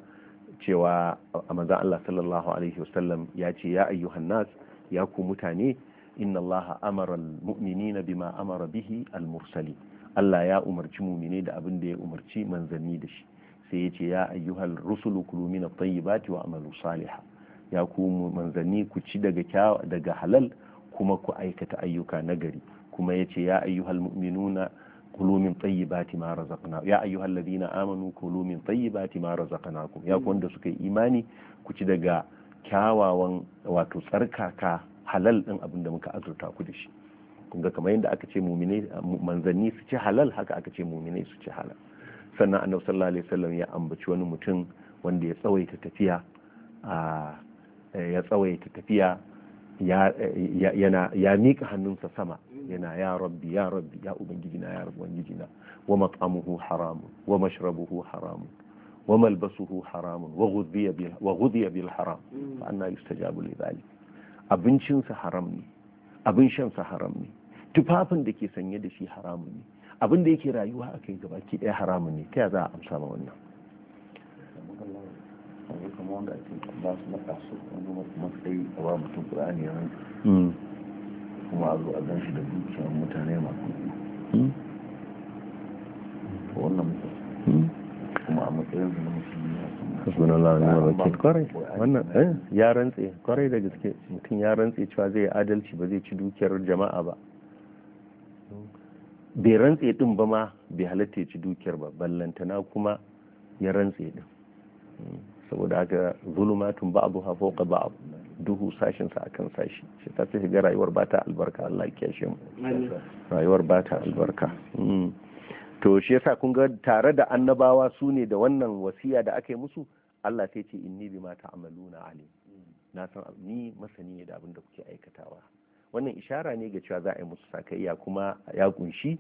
cewa a manzan allah sallallahu alaihi wasallam ya ce ya ayyuhan nas ya ku mutane inna allah amara mu'minina bima amara bihi al-mursali allah ya umarci mumine da abin da ya umarci manzanni da shi sai ya ce ya ayyuhal rusulu kulu min at-tayyibati wa amalu saliha ya ku manzanni ku ci daga daga halal kuma ku aikata ayyuka nagari kuma ya ce ya ayyuhal mu'minuna kulu min tayyibati ma razaqna ya ayyuhal ladina amanu kulu min tayyibati ma razaqnakum ya da suka yi imani ku ci daga kyawawan wato tsarkaka halal din abin da muka azurta ku da shi kun ga kamar yadda aka ce mumine manzanni su ci halal haka aka ce mumine su ci halal sannan annabi sallallahu alaihi wasallam ya ambaci wani mutum wanda ya tsawaita tafiya ya tsawaita tafiya ya yana ya miƙa hannunsa sama yana ya rabbi ya rabbi ya ubangiji na ya ubangiji na wa mat'amuhu haramun wa mashrabuhu haramun wa malbasuhu haramun wa ghudhiya bil haram mm. fa anna yustajabu li dhalik abincin sa haram ne abin shan sa haram ne tufafin da ke sanye da shi haramun ne abin da yake rayuwa akai gabaki ɗaya haramun ne ta ya za a amsa ma wannan kamar wanda ake ba su matsayi a ba mutum kuma a zo a gan shi da dukiyar mutane masu hmm? wannan hmm? kuma a matsayin su na musulmi sunan lalani wakil kwarai wannan eh, ya rantse kwarai da gaske mutum ya rantse cewa zai adalci ba zai ci dukiyar jama'a ba bai rantse din ba ma bai halatta ya ci dukiyar ba ballantana kuma ya rantse din hmm. saboda haka zulumatun ba'dha fawqa ba'd duhu sashin sa akan sashi shi ta ce ga rayuwar bata albarka Allah ya kiyashe mu rayuwar bata albarka hmm. to shi yasa kun ga tare da annabawa su ne da wannan wasiya da aka yi musu Allah sai ce inni bima ta'maluna alim na san ni masani ne da abin da kuke aikatawa wannan ishara ne ga cewa za a yi musu sakayya kuma ya kunshi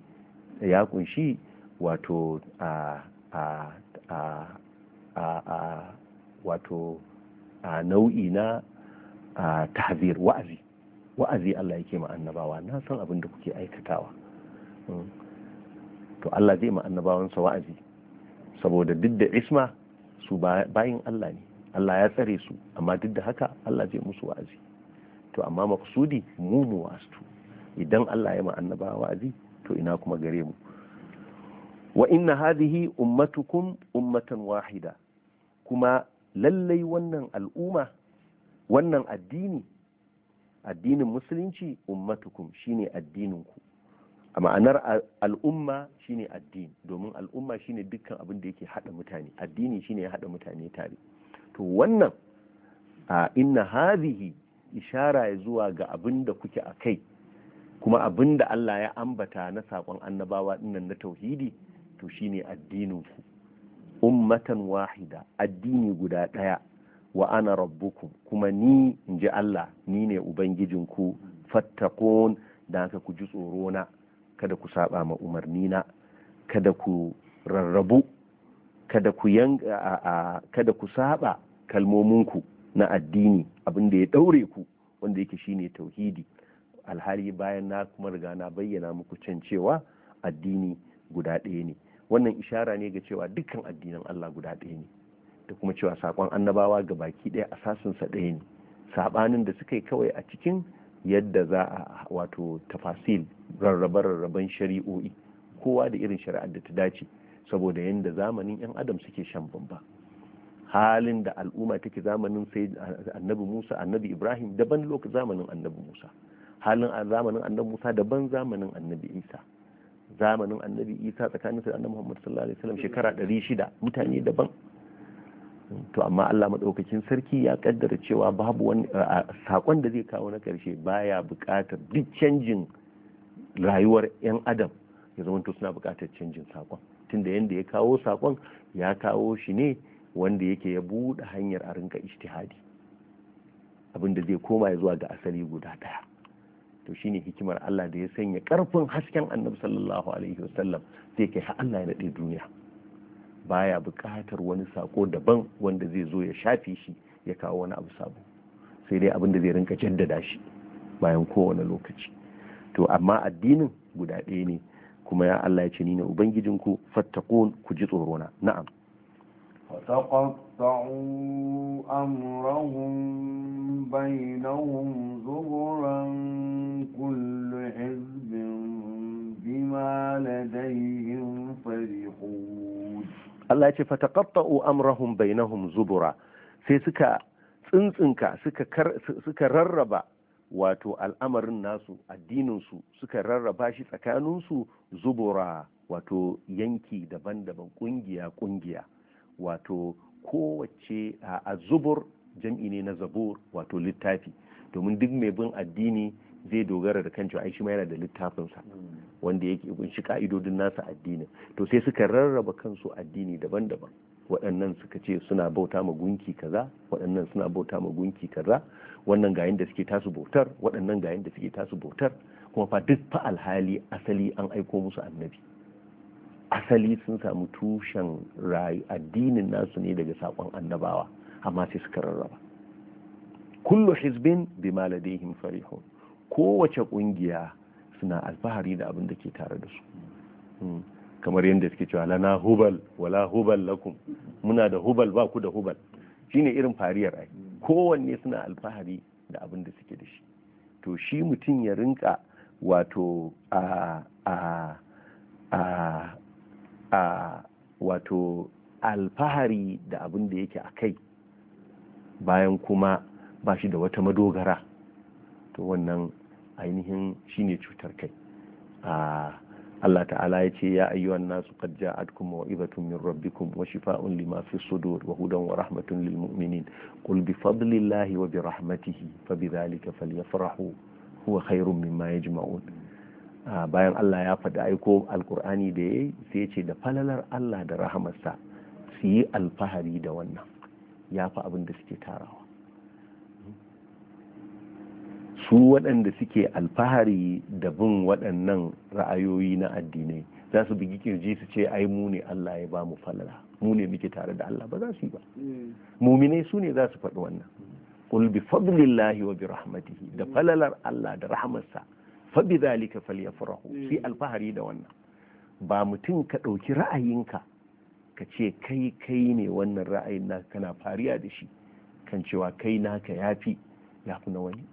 ya kunshi wato a a a wato a nau'i na tahzir wa'azi wa'azi Allah yake ma annabawa na san abin da kuke aikatawa hmm. to Allah zai ma annabawansa wa'azi saboda duk da isma su bayin Allah ne Allah ya tsare su amma duk da haka Allah zai musu wa'azi to amma maksudi mu mu wastu idan Allah ya ma wa'azi to ina kuma gare mu wa inna hadhihi ummatukum ummatan wahida kuma lallai wannan al'umma wannan addini addinin musulunci ummatukum shine addininku a ma'anar al'umma shine addini domin al'umma shine dukkan abin da yake hada mutane addini shine ya hada mutane tare to wannan a inna hadhihi ishara zuwa ga abin da kuke a kai kuma abin da Allah ya ambata na saƙon annabawa dinnan na tauhidi to shine addininku ummatan wahida addini guda ɗaya wa ana rabbukum kuma ni in ji Allah ni ne ubangijinku fattakon da haka ku ji tsorona kada ku saba ma umarnina kada ku rarrabu kada ku yanka kada ku saba kalmominku na addini abin da ya daure ku wanda yake shine tauhidi alhali bayan na kuma riga na bayyana muku can cewa addini guda ɗaya ne wannan ishara ne ga cewa dukkan addinin Allah guda ɗaya ne da kuma cewa sakon annabawa ga baki ɗaya asasinsa ɗaya ne Saɓanin da suka yi kawai a cikin yadda za a wato tafasil rarrabe-rarraben shari'o'i kowa da irin shari'ar da ta dace saboda yadda zamanin 'yan adam suke shan bamba halin da al'umma take zamanin sai annabi musa annabi ibrahim daban lokacin zamanin annabi musa halin zamanin annabi musa daban zamanin annabi isa zamanin annabi isa tsakanin da annabi muhammad sallallahu alaihi wasallam shekara ɗari shida mutane daban to amma Allah maɗaukakin sarki ya ƙaddara cewa babu wani saƙon da zai kawo na karshe baya buƙatar duk canjin rayuwar yan adam ya zama suna buƙatar canjin sakon tunda yanda ya kawo saƙon ya kawo shi ne wanda yake ya buɗe hanyar a rinka ijtihadi abinda zai koma ya zuwa ga asali guda ɗaya to shine hikimar Allah da ya sanya karfin hasken annabi sallallahu alaihi wasallam sai kai har Allah ya nade duniya baya buƙatar wani sako daban wanda zai zo ya shafe shi ya kawo wani abu sabo sai dai abin da zai rinka jaddada shi bayan kowane lokaci to amma addinin guda ɗaya ne kuma ya Allah ya ce ni ne ubangijinku fattakun ku ji tsorona na'am فتقطعوا أمرهم بينهم زبرا كل حزب بما لديهم فرحون الله يقول فتقطعوا أمرهم بينهم زبرا sai suka tsintsinka suka rarraba wato al'amarin nasu addininsu suka rarraba shi tsakaninsu zubura wato yanki daban-daban kungiya-kungiya wato kowace a zubur jam'i ne na zabur wato littafi domin duk mai bin addini zai dogara da kan cewa ai yana da littafinsa wanda yake kunshi ka'idodin nasa addinin to sai suka rarraba kansu addini daban-daban waɗannan suka ce suna bauta ma gunki kaza waɗannan suna bauta ma gunki kaza wannan ga da suke tasu bautar waɗannan ga da suke tasu bautar kuma fa duk fa alhali asali an aiko musu annabi asali sun samu tushen rayu. addinin nasu ne daga sakon annabawa amma sai suka rarraba kullu hizbin bima ladaihim farihun kowace kungiya suna alfahari da abin da ke tare da su hmm. kamar yadda suke cewa lana hubal wala hubal lakum muna da hubal ba ku da hubal shine irin fariyar ai kowanne suna alfahari da abin da suke da shi to shi mutum ya rinka wato a a a a wato alfahari da abin da yake a kai bayan kuma ba shi da wata madogara to wannan ainihin shine cutar kai Allah ta'ala ya ce ya ayyuhan nasu qad ja'atkum maw'izatun min rabbikum wa shifa'un lima fi sudur wa hudan wa rahmatun lil mu'minin qul bi fadlillahi wa bi rahmatihi fa bi dhalika falyafrahu huwa khairun mimma yajma'un bayan Allah ya faɗi aiko alkur'ani da ya yi sai ce da falalar Allah da rahamarsa su yi alfahari da wannan ya fi abin da suke tarawa su waɗanda suke alfahari da bin waɗannan ra'ayoyi na addinai za su bugi kirji su ce ai mu ne Allah ya ba mu falala mu ne muke tare da Allah ba za su yi ba hmm. muminai su ne za su faɗi wannan qul bi fadlillahi wa bi rahmatihi da falalar Allah da rahmarsa fabi zalika falyafrahu sai alfahari da wannan ba mutum ka ɗauki ra'ayinka ka ce kai kai ne wannan ra'ayin na kana fariya da shi kan cewa kai naka yafi yafi na wani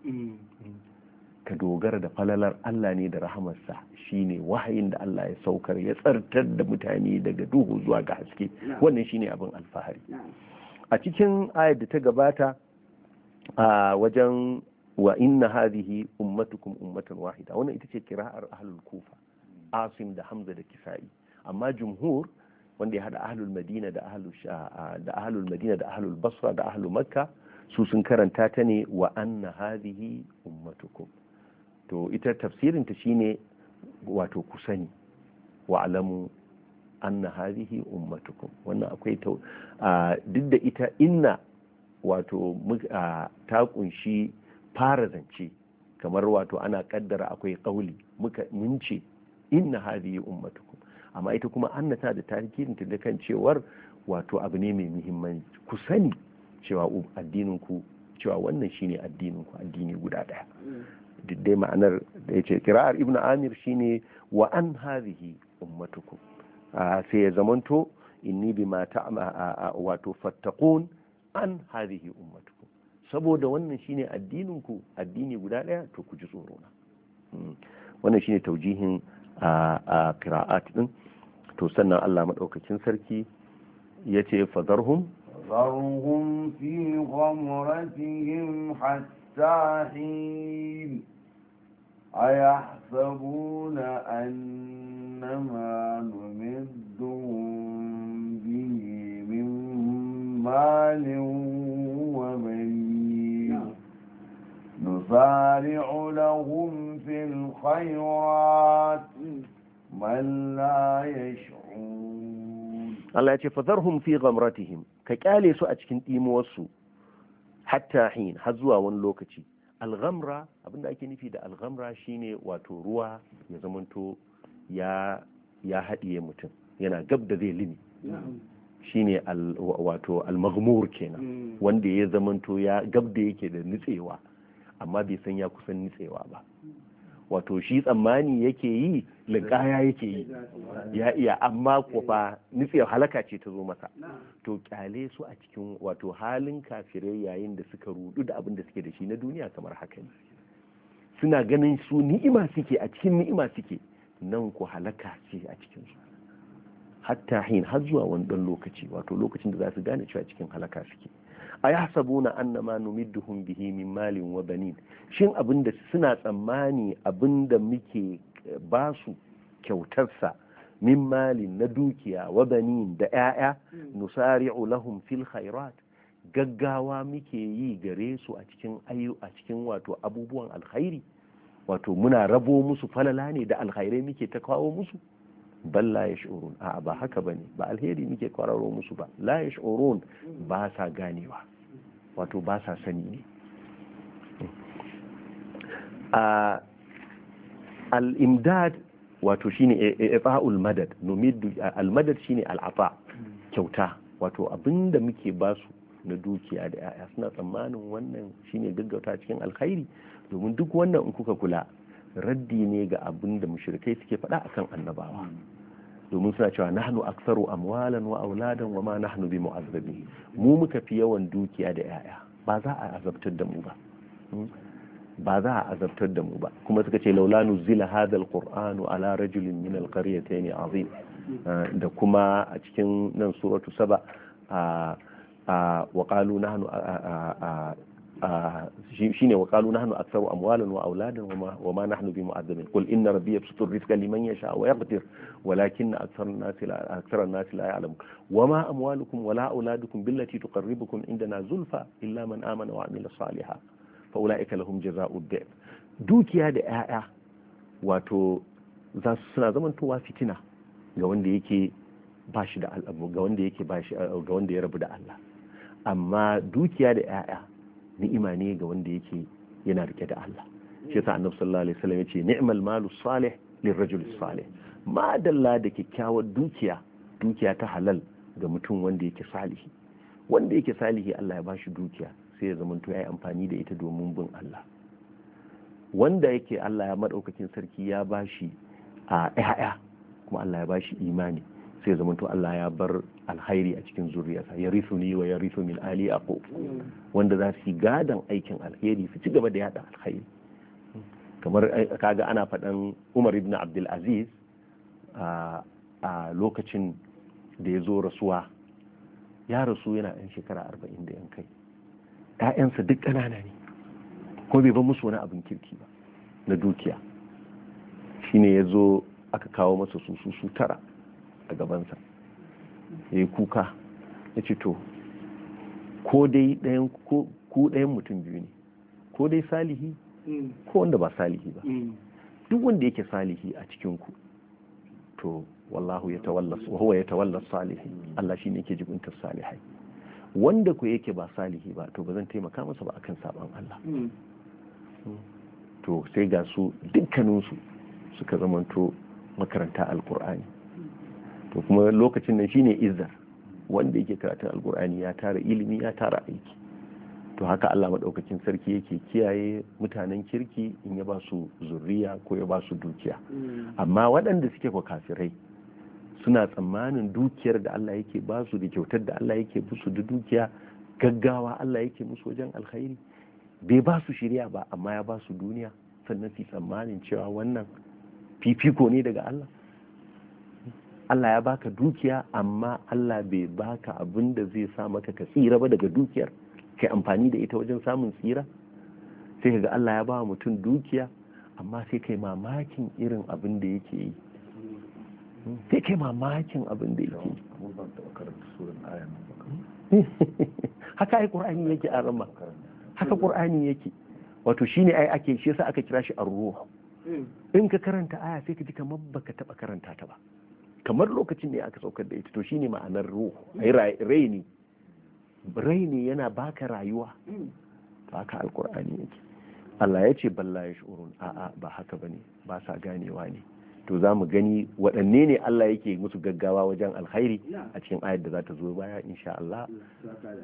ka dogara da falalar Allah ne da rahamarsa shine wahayin da Allah ya saukar ya tsartar da mutane daga duhu zuwa ga haske wannan shine abin alfahari a cikin ayar da ta gabata a wajen wa inna hadhihi ummatukum ummatan wahida wannan ita ce kira'ar ahlul kufa asim da hamza da kisa'i amma jumhur wanda ya hada ahlul madina da ahlul da ahlul madina da ahlul basra da ahlul makka su sun karanta ta ne wa anna hadhihi ummatukum to ita tafsirin ta shine wato ku sani wa alamu anna hadhihi ummatukum wannan akwai ta duk da ita inna wato ta kunshi fara zance kamar wato ana kaddara akwai kauli muka mince ce inna hadhihi ummatukum amma ita kuma annata da tarihin ta da kan cewar wato abu ne mai muhimmanci ku sani cewa addinin cewa wannan shine addininku ku addini guda daya dai ma'anar da yace kira'ar ibn amir shine wa an hadhihi ummatukum sai ya zamanto inni bima ta'ma wato fattaqun an hadhihi ummatukum saboda wannan shine addinin ku addini guda daya to ku ji tsoro na hmm. wannan shine taujihin a a qira'at din to sannan Allah madaukakin sarki yace fadarhum zarhum fi ghamratihim hatta hin أيحسبون أنما نمدهم به من مال نسارع لهم في الخيرات من لا يشعرون الله يقول فذرهم في غمرتهم كالي سوء أتكن إيموسو حتى حين هزوا ونلوكتي alghamra abinda ake nufi da alghamra shine wato ruwa ya zamanto يا ya haɗiye mutum yana gab da zai limi shine wato almagmur kenan wanda ya zamanto ya gab yake da nutsewa amma bai san ya kusan nitsewa ba wato shi tsammani yake yi linkaya yake yi ya iya amma kofa nitsewa halaka ce ta zo masa to kyale su a cikin wato halin kafirai yayin da suka rudu da abin da suke da shi na duniya kamar haka ne suna ganin su ni'ima suke a cikin ni'ima suke nan ku halaka ce a cikin su hatta hin har zuwa wani dan lokaci wato lokacin da za su gane cewa cikin halaka suke a ya na annama numidduhum bihi min malin wa banin shin abinda suna tsammani abinda muke basu kyautarsa min malin na dukiya wa banin da 'ya'ya hmm. nusari'u lahum fil khairat gaggawa muke yi gare su a cikin ayu a cikin wato abubuwan alkhairi wato muna rabo musu falala ne da alkhairai muke ta kawo musu balla ya shi'urun a'a ba haka bane ba alheri muke kwararo musu ba la shi'urun ba sa ganewa wato ba sa sani ne a al-imdad wato shine ifa'ul madad al-madad shine al'afa kyauta wato abinda muke basu na dukiya da 'ya'ya suna tsammanin wannan shine gaggauta cikin alkhairi domin duk wannan in kuka kula raddi ne ga abin da mushrikai suke faɗa akan annabawa domin suna cewa nahnu aktsaru amwalan wa auladan wa ma nahnu bi mu'azzabi mu muka fi yawan dukiya da yaya ba za a azabtar da mu ba ba za a azabtar da mu ba kuma suka ce laula nuzila hadha alqur'anu ala rajulin min alqaryatayn azim da kuma a cikin nan suratu saba a wa qalu nahnu shine wa kalu nahnu aktsaru amwalan wa auladan wa ma nahnu bi mu'azzabin qul inna rabbi yabsutu rizqa liman yasha wa yaqdir walakin aktsara an-nasi la aktsara an-nasi la ya'lam wa ma amwalukum wa la auladukum billati tuqarribukum indana zulfa illa man amana wa amila salihan fa ulaika lahum jazaa'ud da'b dukiya da 'ya'ya wato za su suna zamantowa fitina ga wanda yake ba shi da ga wanda yake ba shi ga wanda ya rabu da Allah amma dukiya da 'ya'ya ni'ima ne ga wanda yake yana rike da Allah shi yasa annabi sallallahu alaihi wasallam yace ni'mal malu salih lirajul salih ma dalla da kyakkyawar dukiya dukiya ta halal ga mutum wanda yake salihi wanda yake salihi Allah ya bashi dukiya sai ya zamanto yayi amfani da ita domin bin Allah wanda yake Allah ya madaukakin sarki ya bashi a ƴaƴa kuma Allah ya bashi imani sai zama to Allah ya bar alhairi a cikin zuriyarsa ya rithu ni wa ya rithu min ali aqo wanda za su gadan aikin alheri su ci gaba da yada alhairi kamar kaga ana faɗan Umar ibn Abdul Aziz a lokacin da ya zo rasuwa ya rasu yana ɗan shekara arba'in da yan kai ‘ya'yansa duk ƙanana ne ko bai ba musu wani abin kirki ba na dukiya shine ya zo aka kawo masa su su tara a gabansa ya yi kuka ya ce to ko dai ɗayan ku ɗayan mutum biyu ne ko dai salihi ko wanda ba salihi ba mm. duk wanda yake salihi a cikin ku to wallahu ya tawallas wa ya tawallas salihi Allah shi shine yake jibuntar salihai wanda ku yake ba salihi ba to ba zan taimaka masa ba akan saban Allah mm. to sai ga su dukkaninsu suka zamanto makaranta alkur'ani to kuma lokacin nan shine izzar wanda yake karatun alkur'ani ya tara ilimi ya tara aiki to haka Allah madaukakin sarki yake kiyaye mutanen kirki in ya ba su zurriya ko ya ba su dukiya hmm. amma waɗanda suke kwa kafirai suna tsammanin dukiyar da Allah yake ba su da kyautar da Allah yake musu da dukiya gaggawa Allah yake musu wajen alkhairi bai ba su shirya ba amma ya ba su duniya sannan su tsammanin cewa wannan fifiko ne daga Allah Allah ya baka dukiya amma Allah bai baka abin da zai sa maka ka tsira ba daga dukiyar kai amfani da ita wajen samun tsira sai ka ga Allah ya ba mutum dukiya amma sai kai mamakin irin abin da yake yi sai kai mamakin abin da yake yi [laughs] haka ai qur'ani yake a rama haka qur'ani yake wato shine ai ake shi yasa aka kira shi ar-ruh hmm. in ka karanta aya sai ka ji kamar baka taba karanta ta ba kamar lokacin da aka saukar da ita to shine ma'anar ruh raini raini yana baka rayuwa ta haka alkur'ani yake Allah ya ce balla ya shi'urun a'a ba haka bane ba sa ganewa ne to za mu gani waɗanne ne Allah yake musu gaggawa wajen alkhairi a cikin ayar da za ta zo baya insha Allah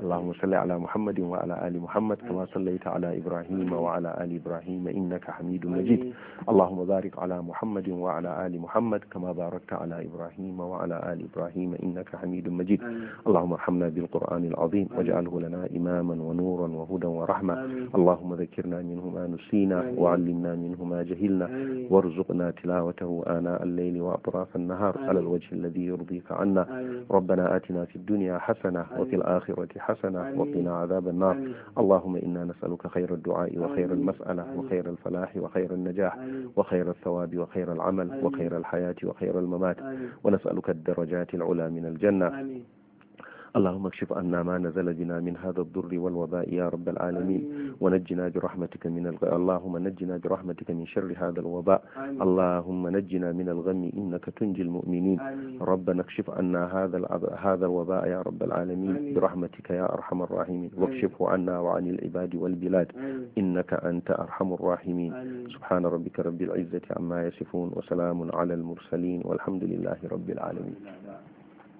Allahumma salli ala Muhammadin wa ala ali Muhammad kama sallaita ala Ibrahim wa ala ali Ibrahim innaka Hamidum Majid Allahumma barik ala Muhammadin wa ala ali Muhammad kama barakta ala Ibrahim wa ala ali Ibrahim innaka Hamidum Majid Allahumma arhamna bil Qur'an al azim waj'alhu lana imaman wa nuran wa hudan wa rahma Allahumma dhakkirna minhu ma nusina wa 'allimna minhu ma jahilna warzuqna tilawatahu آناء الليل وأطراف النهار على الوجه الذي يرضيك عنا ربنا آتنا في الدنيا حسنة وفي الآخرة حسنة وقنا عذاب النار اللهم إنا نسألك خير الدعاء وخير المسألة وخير الفلاح وخير النجاح وخير الثواب وخير العمل وخير الحياة وخير الممات ونسألك الدرجات العلى من الجنة اللهم اكشف عنا ما نزل بنا من هذا الضر والوباء يا رب العالمين ونجنا برحمتك من الغ... اللهم نجنا برحمتك من شر هذا الوباء اللهم نجنا من الغم إنك تنجي المؤمنين ربنا اكشف عنا هذا الأب... هذا الوباء يا رب العالمين برحمتك يا أرحم الراحمين واكشفه عنا وعن العباد والبلاد إنك أنت أرحم الراحمين سبحان ربك رب العزة عما يصفون وسلام على المرسلين والحمد لله رب العالمين